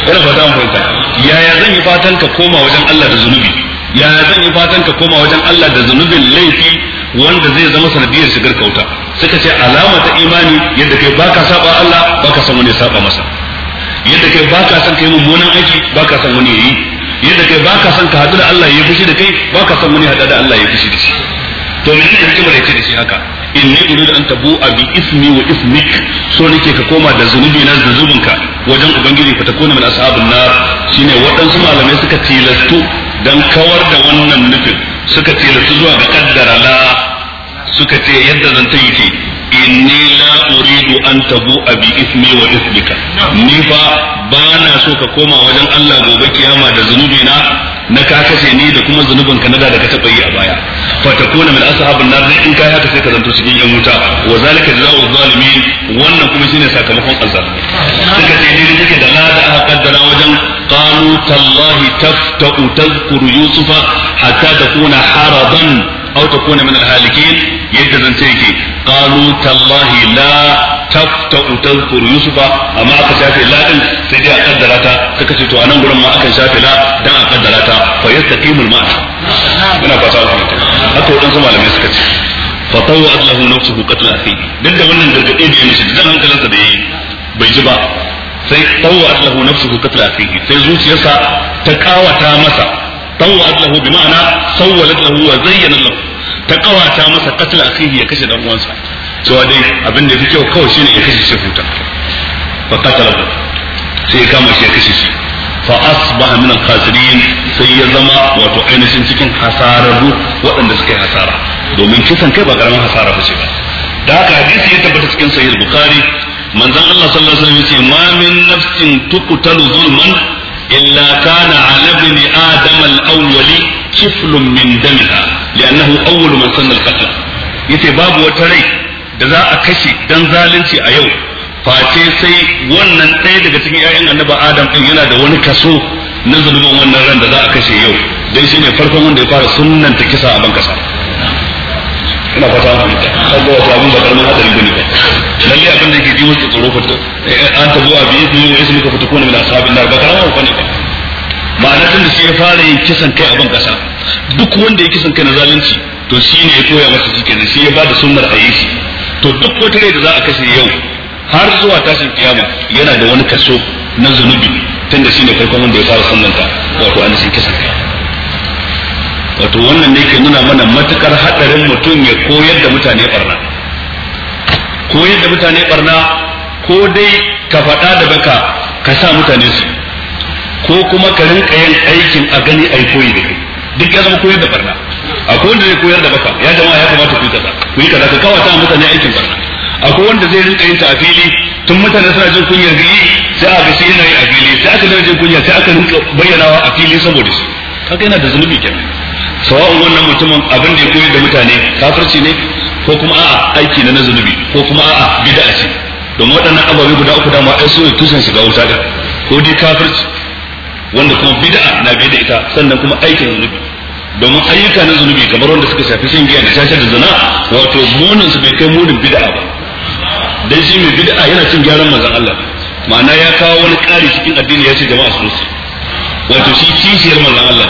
ina fata an fahimta yaya zan yi fatan ka koma wajen Allah da zanubi yaya zan yi fatan ka koma wajen Allah da zunubin laifi wanda zai zama sanadiyar shigar kauta suka ce alama ta imani yadda kai baka saba Allah baka san wani saba masa yadda kai baka san kai mummunan aiki baka san wani yayi yadda kai baka san ka hadu da Allah ya fushi da kai baka san wani hada da Allah ya fushi da shi to me yake cewa da shi haka inni uridu an a bi ismi wa ismik so nake ka koma da zunubi na zubunka wajen ubangiji ka takuna min ashabun nar shine waɗansu malamai suka tilastu dan kawar da wannan nufin suka ce da su zuwa ga kaddara la suka ce yadda zantan yake inni la uridu an tabu abi ismi wa ismika ni fa ba na so ka koma wajen Allah gobe kiyama da zunubi na na ka ni da kuma zunubin ka na da ka taba yi a baya fa takuna min ashabin nar in ka haka sai ka zanto cikin yan wuta wa zalika jazaa'u zalimin wannan kuma shine sakamakon azab suka ce ni nake da la da aka kaddara wajen قالوا تالله تفتأ تذكر يوسف حتى تكون حرضا أو تكون من الهالكين يجد تيكي قالوا تالله لا تفتأ تذكر يوسف أما أكشاف لا إن سيدي أقدرتا سكشت أنا أقول ما أكشاف لا دع أقدرتا فيستقيم المعنى من أفضل أكو أنتم على مسكتي fatawat lahu nafsuhu qatl akhi duk da wannan gargade da ya mishi dan hankalinsa da yayi bai ji ba sai tawwa lahu nafsuhu katla akhihi sai zuciyarsa ta kawata masa tawwa lahu bi ma'ana sawwalat lahu wa zayyana lahu ta kawata masa katla akhihi ya kashe dan uwansa cewa dai abin da yafi kyau kawai shine ya kashe shi huta fa qatala sai ya kama shi ya kashe shi fa asbaha min al-khasirin sai ya zama wato ainihin cikin hasararru waɗanda suka yi hasara domin kisan kai ba karamin hasara ba ce ba da haka hadisi ya tabbata cikin sahih bukhari manzon Allah sallallahu alaihi wasallam yace ma min nafsin tuqtalu zulman illa kana ala ibn adam al-awwal kiflun min damiha li'annahu awwal man babu wata rai da za a kashe dan zalunci a yau face sai wannan ɗaya daga cikin ƴaƴan annabi adam ɗin yana da wani kaso na zulumin wannan ran da za a kashe yau dan shine farkon wanda ya fara sunnanta kisa a ban kasa ina fata ku kaga wato abin ba karamin hadari bane lalle abin da ke ji musu tsoro fa eh, an ta zuwa biyu biyu ne ka fita kuna min ashabin nar ba karamin ba ne ba ma'anar tun da shi ya fara yin kisan kai a ban kasa duk wanda ya kisan kai na zalunci to shi ne ya koya masa shi kenan shi ya ba da sunnar a yi shi to duk wata rai da za a kashe yau har zuwa tashin kiyama yana da wani kaso na zunubi tunda shi ne farkon wanda ya fara sunnanta wato an shi kisan kai wato wannan ne ke nuna mana matukar hadarin mutum ya koyar da mutane barna koyar da mutane barna ko dai ka faɗa da baka ka sa mutane su ko kuma ka rinka yin aikin a gani a koyi da kai duk ya zama koyar da barna akwai wanda zai koyar da baka ya jama'a ya kamata ku yi kaza ku yi kaza ka kawata mutane aikin barna akwai wanda zai rinka yin ta a fili tun mutane suna jin kunyar gari sai a sai yana yi a fili sai aka jin kunya sai aka rinka bayyanawa a fili saboda su haka yana da zunubi kenan sawa'un wannan mutumin abin da ya koyar da mutane kafirci ne ko kuma a'a aiki na zunubi ko kuma a'a bid'a ce domin waɗannan ababe guda uku dama ai ya tushen shiga wuta da ko dai kafirci wanda kuma bid'a na biyar da ita sannan kuma aikin zunubi domin ayyuka na zunubi kamar wanda suka shafi shan giya da tashi da zina wato munin su bai kai munin bid'a ba dan shi mai bid'a yana cin gyaran manzon Allah ma'ana ya kawo wani ƙari cikin addini ya ce jama'a su wato shi kishiyar manzon Allah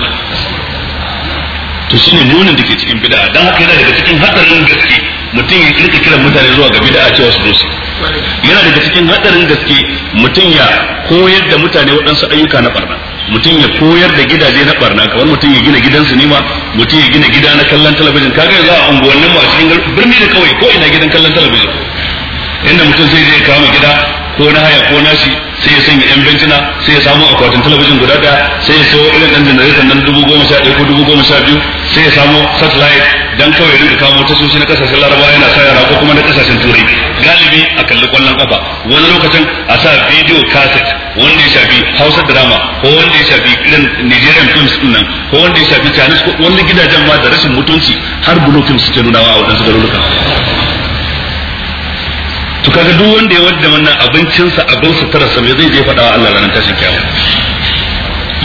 to shine munin da ke cikin bid'a dan haka yana daga cikin hatsarin gaske mutum ya rika kiran mutane zuwa ga bid'a cewa su dosi yana daga cikin hatsarin gaske mutum ya koyar da mutane waɗansu ayyuka na barna mutum ya koyar da gidaje na barna kamar mutum ya gina gidan sinima mutum ya gina gida na kallon talabijin kaga yanzu a unguwannin mu a cikin birni da kawai ko ina gidan kallon talabijin inda mutum sai zai kama gida ko na haya ko nashi sai ya sanya yan bentina sai ya samu akwatin talabijin guda daya sai ya sayo irin ɗan janareta nan dubu goma sha ɗaya ko dubu goma sha biyu sai ya samu satellite dan kawai rinka kamo tashoshi na kasashen larabawa yana sa yara ko kuma na kasashen turai galibi a kalli kwallon kafa wani lokacin a sa video cassette wanda ya shafi hausa drama ko wanda ya shafi irin nigerian films din nan ko wanda ya shafi chinese ko wani gidajen ma da rashin mutunci har bulo films suke nunawa a wadansu garuruka to kaga duk wanda ya wadda wannan abincinsa abin sutura sa me zai je faɗa Allah ranar tashin kiyama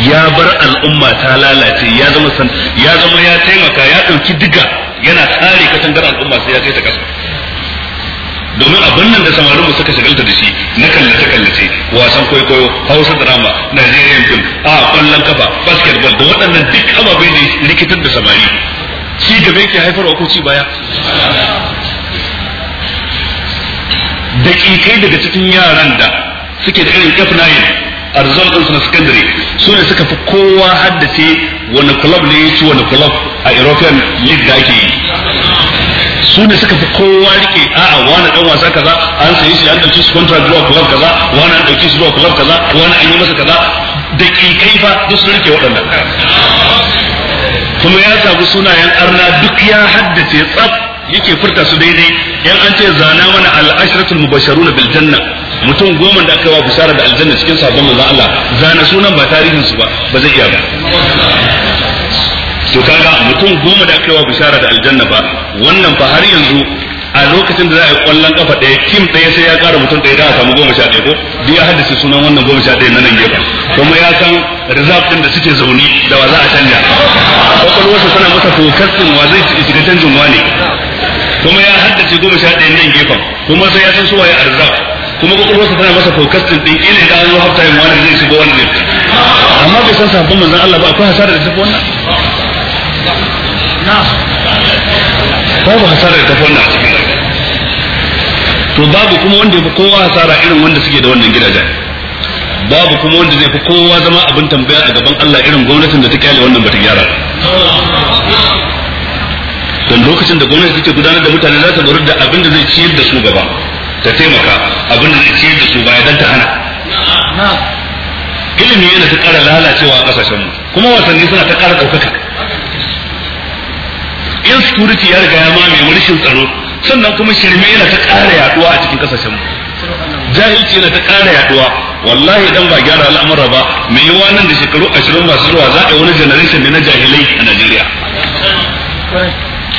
ya bar al'umma ta lalace ya zama san ya zama ya taimaka ya dauki diga yana kare katangar al'umma sai ya kai ta kasa domin abin nan da samarin mu suka shagalta da shi na kallace kallace wasan kwaikwayo hausa drama nigerian film a kwallon kafa basketball da waɗannan duk ababai da likitar da samari ci gaba yake haifarwa ko ci baya dakikai daga cikin yaran da suke da irin f a result din su na secondary su ne suka fi kowa haddace wani club ne ya ci wani club a European League da ake yi su ne suka fi kowa rike a'a wani dan wasa kaza an sayi shi an dauki su contract zuwa club kaza wani an dauki su zuwa club kaza wani an yi masa kaza da kai fa duk sun rike waɗannan kuma ya samu sunayen arna duk ya haddace tsaf yake furta su daidai yan an ce zana mana al-ashratul mubashiruna bil janna mutum goma da aka yi wa bisara da aljanna cikin sabon manzon Allah zana sunan ba tarihin su ba ba zai iya ba to kaga mutum goma da aka yi wa bisara da aljanna ba wannan fa har yanzu a lokacin da za a yi kwallon kafa ɗaya kim ɗaya sai ya kara mutum ɗaya da a samu goma sha ɗaya ko duk ya haddace sunan wannan goma sha ɗaya na nan gefe kuma ya san rizab ɗin da suke zaune da wa za a canja kwakwalwarsa tana masa tokastin wa zai shiga canjin wane kuma ya haddace goma sha ɗaya nan gefen kuma sai ya san su a rizab. kuma kuma tana masa podcasting din ilin da zo hafta yin wani zai shigo wani amma bai san sabon manzon Allah ba akwai hasara da tafi wannan babu hasara da tafi wannan to babu kuma wanda ya fi kowa hasara irin wanda suke da wannan gidajen babu kuma wanda zai fi kowa zama abin tambaya a gaban Allah irin gwamnatin da ta kyale wannan bata gyara don lokacin da gwamnati take gudanar da mutane za ta lura da abin da zai ciyar da su gaba ta taimaka abin da zai ciyar da su ba ya ta hana ilimi yana ta ƙara lalacewa a ƙasashenmu kuma wasanni suna ta ƙara ɗaukaka insecurity ya riga ya mamaye rashin tsaro sannan kuma shirme yana ta ƙara yaduwa a cikin ƙasashenmu jahilci yana ta ƙara yaduwa wallahi dan ba gyara al'amura ba mai yawa nan da shekaru ashirin masu zuwa za a yi wani generation ne na jahilai a Najeriya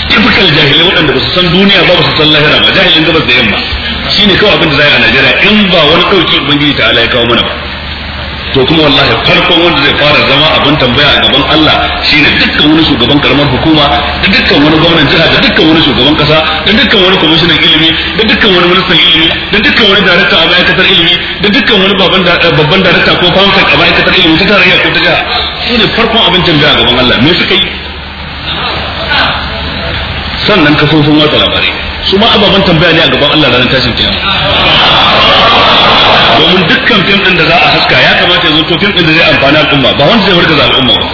typical jahilai waɗanda ba su san duniya ba ba su san lahira ba jahilin gabas da yamma shine kawai abin da zai a Najeriya in ba wani ɗauki ubangiji ta Allah ya kawo mana ba to kuma wallahi farkon wanda zai fara zama abin tambaya a gaban Allah shine dukkan wani shugaban karamar hukuma da dukkan wani gwamnan jiha da dukkan wani shugaban kasa da dukkan wani kwamishinan ilimi da dukkan wani ministan ilimi da dukkan wani darakta a ma'aikatar ilimi da dukkan wani babban eh, darakta ko famsan a ma'aikatar ilimi ta tarayya ko ta jiha shine ne farkon abin tambaya a gaban Allah me suka yi sannan kafofin wata labarai su ma ababen tambaya ne a gaban Allah ranar tashin kiyama domin dukkan fim din da za a haska ya kamata ya zo to fim din da zai amfani al'umma ba wanda zai wargaza al'umma ba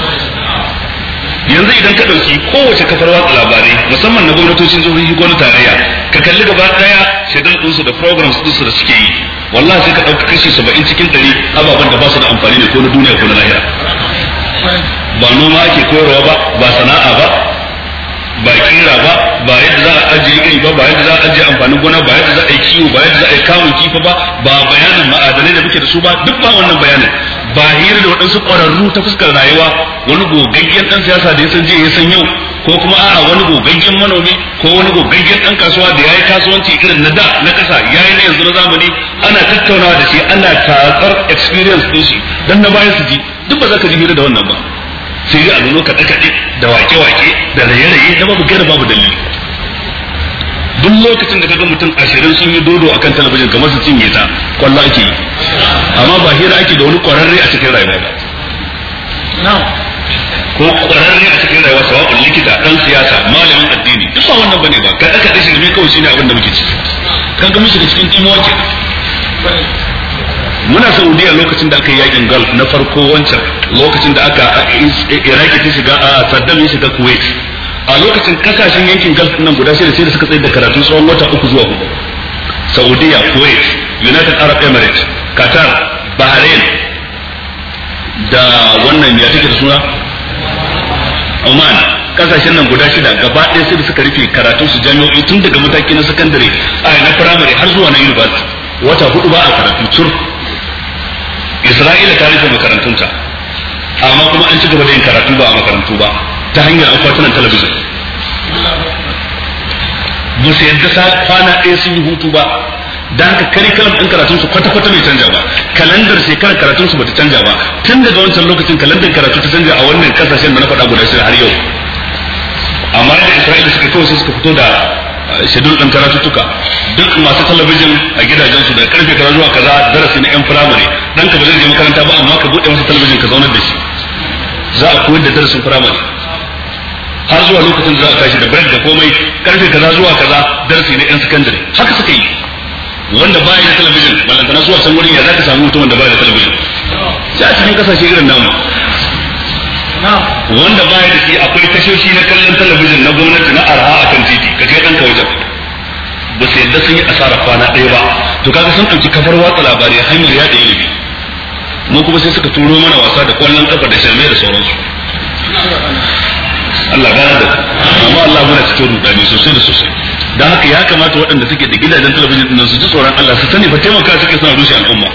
yanzu idan ka ɗauki kowace kafar watsa labarai musamman na gwamnatocin jihohi ko na tarayya ka kalli gaba ɗaya shaidan ɗinsu da programs ɗinsu da suke yi wallahi sai ka ɗauki kashi saba'in cikin ɗari ababen da ba su da amfani ne ko na duniya ko na lahira ba noma ake koyarwa ba ba sana'a ba ba kira ba ba yadda za a ajiye iri ba ba yadda za a ajiye amfanin gona ba yadda za a yi kiwo ba yadda za a yi kamun kifa ba ba bayanin ma'adanai da muke da su ba duk ba wannan bayanin ba hira da waɗansu ƙwararru ta fuskar rayuwa wani gogaggen ɗan siyasa da ya san jiya ya san yau ko kuma a'a wani gogaggen manomi ko wani gogaggen ɗan kasuwa da ya yi kasuwanci irin na da na ƙasa ya yi na yanzu na zamani ana tattaunawa da shi ana tatsar experience ɗin shi don na bayan su ji duk ba za ka ji hira da wannan ba sai ga azuno kaɗa kaɗe da wake wake da raye raye da babu gara babu dalili duk lokacin da kaga mutum ashirin sun yi dodo akan talabijin kamar su cinye ta kwallo ake yi amma ba hira ake da wani kwararre a cikin rayuwa ba ko kwararre a cikin rayuwa sawa'un likita dan siyasa malamin addini duk ba wannan bane ba kaɗe kaɗe shirme kawai shine abin da muke ciki kan ga mishi da cikin timo kenan muna saudiya lokacin da aka yi yakin gulf na farko wancan lokacin da aka e, iraki ta shiga a saddam ya shiga kuwait a lokacin kasashen yankin gulf nan guda shida sai da suka tsaye da karatu tsawon wata uku zuwa hudu saudiya kuwait united arab emirates qatar bahrain da wannan ya take da suna oman kasashen nan guda shida gaba ɗaya sai da suka rufe karatun su jami'o'i tun daga mataki na sakandare a na firamare har zuwa na university wata hudu ba a karatu tur isra'ila ta rufe makarantunta amma kuma an ci gaba da yin karatu ba a makarantu ba ta hanyar akwatunan talabijin ba su yadda kwana ɗaya sun yi hutu ba da haka kalan ɗin karatunsu kwata-kwata bai canja ba kalandar shekarar karatunsu su bata canja ba tun daga wancan lokacin kalandar karatu ta canja a wannan kasashen da na faɗa guda shida har yau amma da isra'ila suka kawai suka fito da shedul din karatuttuka duk masu talabijin a gidajen su da karfe kaza zuwa kaza darasi na yan firamare dan ka bazai je makaranta ba amma ka bude masa talabijin ka zaunar da shi za a koyar da darasin firamare har zuwa lokacin da za a tashi da bread da komai karfe kaza zuwa kaza darasi na yan sakandare haka suka yi wanda baya da talabijin balantana zuwa can wurin ya za ka samu mutumin da baya da talabijin sai a cikin kasashe irin namu wanda ba da shi akwai tashoshi na kallon talabijin na gwamnati na arha a kan titi ka kai ka wajen ba su yadda sun yi asara kwana ɗaya ba to kaga sun ɗauki kafar watsa labarai hanyar yaɗa ilimi mun kuma sai suka turo mana wasa da kwallon kafa da sharme da sauransu Allah gana da amma Allah muna cikin rudani sosai da sosai da haka ya kamata waɗanda suke da gidajen talabijin ɗin su ji tsoron Allah su sani ba taimaka suke suna rushe al'umma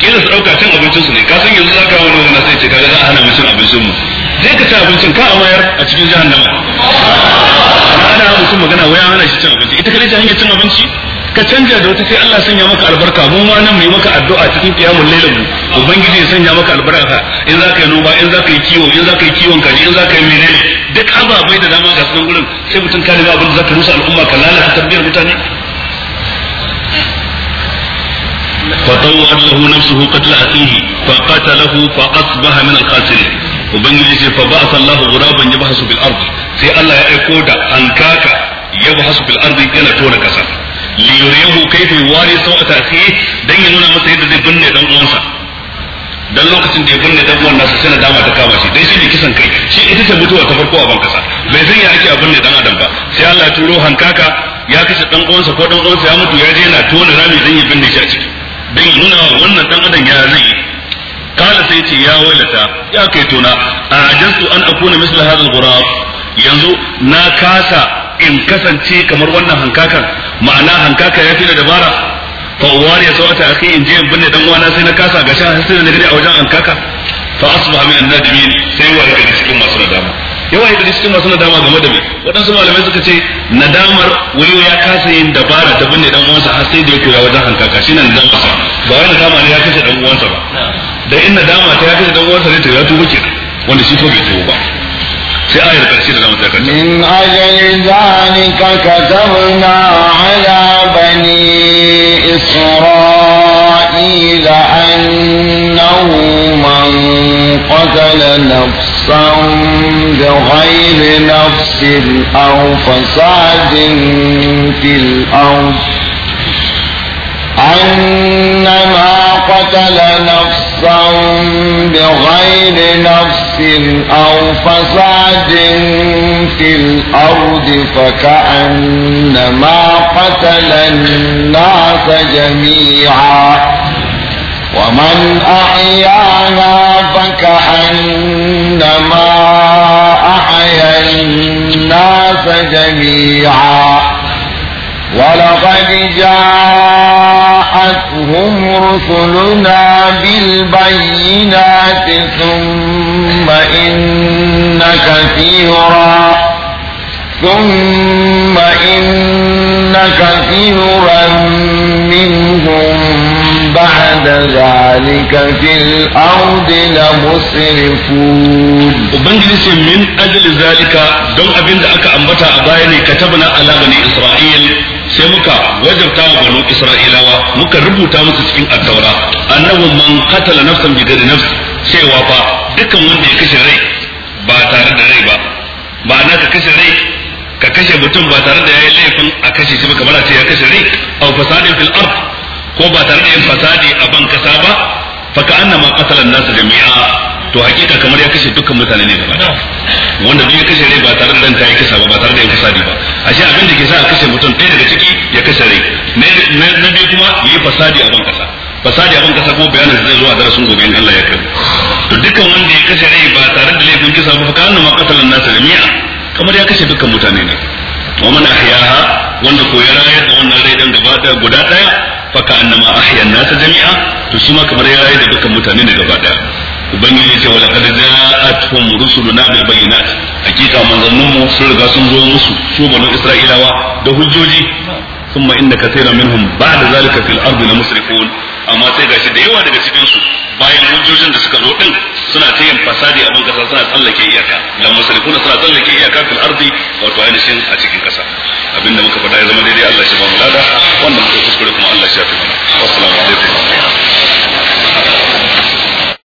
kila su ɗauka cin abincinsu ne ka san yanzu za ka wani wani sai ce kaga za a hana mu cin abincinmu Zai ka ci abincin ka mayar a cikin jihar nan ana mutum magana waya hana shi cin abinci ita kadai ta hanyar cin abinci ka canja da wata sai Allah sanya maka albarka mun ma nan mai maka addu'a cikin kiyamul lailin mu ubangiji ya sanya maka albarka in za ka yi noma in za ka yi kiwo in za ka yi kiwon kaji in za ka yi menene duk ababai da dama ga sunan gurin sai mutum ka nemi abin da za ka rusa al'umma ka lalata tarbiyyar mutane فطوعت له نفسه قتل أخيه فقتله فأصبح من القاتلين ubangiji ce fa ba'atha Allahu ghuraban yabhasu bil ardi sai Allah ya aiko da hankaka yabhasu bil ardi yana tona kasa li yuriyahu kayfa yuwari sawata akhihi dan ya nuna masa yadda zai binne dan uwansa dan lokacin da ya binne dan uwan nasa sai dama ta kama shi dai shi ne kisan kai shi ita ce mutuwa ta farko a ban kasa bai san ya ake a binne dan adam ba sai Allah ya turo hankaka ya kashe dan uwansa ko dan uwansa ya mutu ya je yana tona rami dan ya binne shi a ciki dan ya nuna wannan dan adam ya zai kala sai ya wailata ya kai tona a ajastu an akuna misla hadal ghurab yanzu na kasa in kasance kamar wannan hankakan ma'ana hankaka ya fi da dabara fa uwari ya sauta akhi in je in binne dan uwana sai na kasa ga shan sai na a wajen hankaka fa asbaha min an-nadimin sai wa gari cikin masu nadama yawa gari cikin masu nadama game da me wadansu malamai suka ce nadamar wani ya kasa yin dabara ta binne dan uwansa har sai da ya kira wajen hankaka shine nadamar ba wai nadama ne ya kashe dan uwansa ba da inna dama ta yafi da uwarsa ne ta ya tuba kenan wanda shi ko bai tuba ba sai ayar karshe da zamu ta karshe min ajali zalika katabna ala bani isra'ila annahu man qatala nafsan بغير نفس أو فساد في الأرض أنما قتل نفسا بغير نفس أو فساد في الأرض فكأنما قتل الناس جميعا ومن أحياها فكأنما أحيا الناس جميعا رسلنا بالبينات ثم إن كثيرا ثم إن كثيرا منهم بعد ذلك في الأرض لمسرفون وبنجلس من أجل ذلك دون أبين أكا أنبتا أبايني كتبنا على بني إسرائيل sai muka wajabta wa banu isra'ilawa muka rubuta musu cikin attaura annahu man qatala nafsan bi ghairi nafs cewa fa dukkan wanda ya kashe rai ba tare da rai ba ba na ka kashe rai ka kashe mutum ba tare da yayi laifin a kashe shi ba kamar a ce ya kashe rai aw fasadin fil ard ko ba tare da yin fasadi a ban kasa ba fa ka annama qatala an-nas jami'a to hakika kamar ya kashe dukkan mutane ne gaba wanda duk ya kashe rai ba tare da ranta ya kisa ba ba tare da ya kisa ba ashe abin da ke sa a kashe mutum ɗaya daga ciki ya kashe rai na biyu kuma ya yi fasadi a ban kasa fasadi a ban kasa ko bayanin zai zo a darasin gobe in Allah ya kai to dukkan wanda ya kashe rai ba tare da laifin kisa ba fa ma qatalan nas jami'a kamar ya kashe dukkan mutane ne wa man ahyaha wanda ko ya rayar da wannan rai dan gaba da guda daya fa ka annama ahya nas jami'a to shi ma kamar ya rayar da dukkan mutane ne gaba daya ubangiji ce wala kad ja'atuhum rusuluna bil bayyinat hakika manzannun mu sun riga sun zo musu su banu isra'ilawa da hujjoji thumma inna kathiran minhum ba'da zalika fil ardi la musrifun amma sai gashi da yawa daga cikin su bayan hujjojin da suka zo din suna ta yin fasadi a kasa suna tsallake iyaka la musrifun suna tsallake iyaka fil ardi wato ainihin a cikin kasa abinda muka faɗa ya zama daidai Allah shi ba mu lada wannan muka kuskure kuma Allah shi ya tafi wassalamu alaikum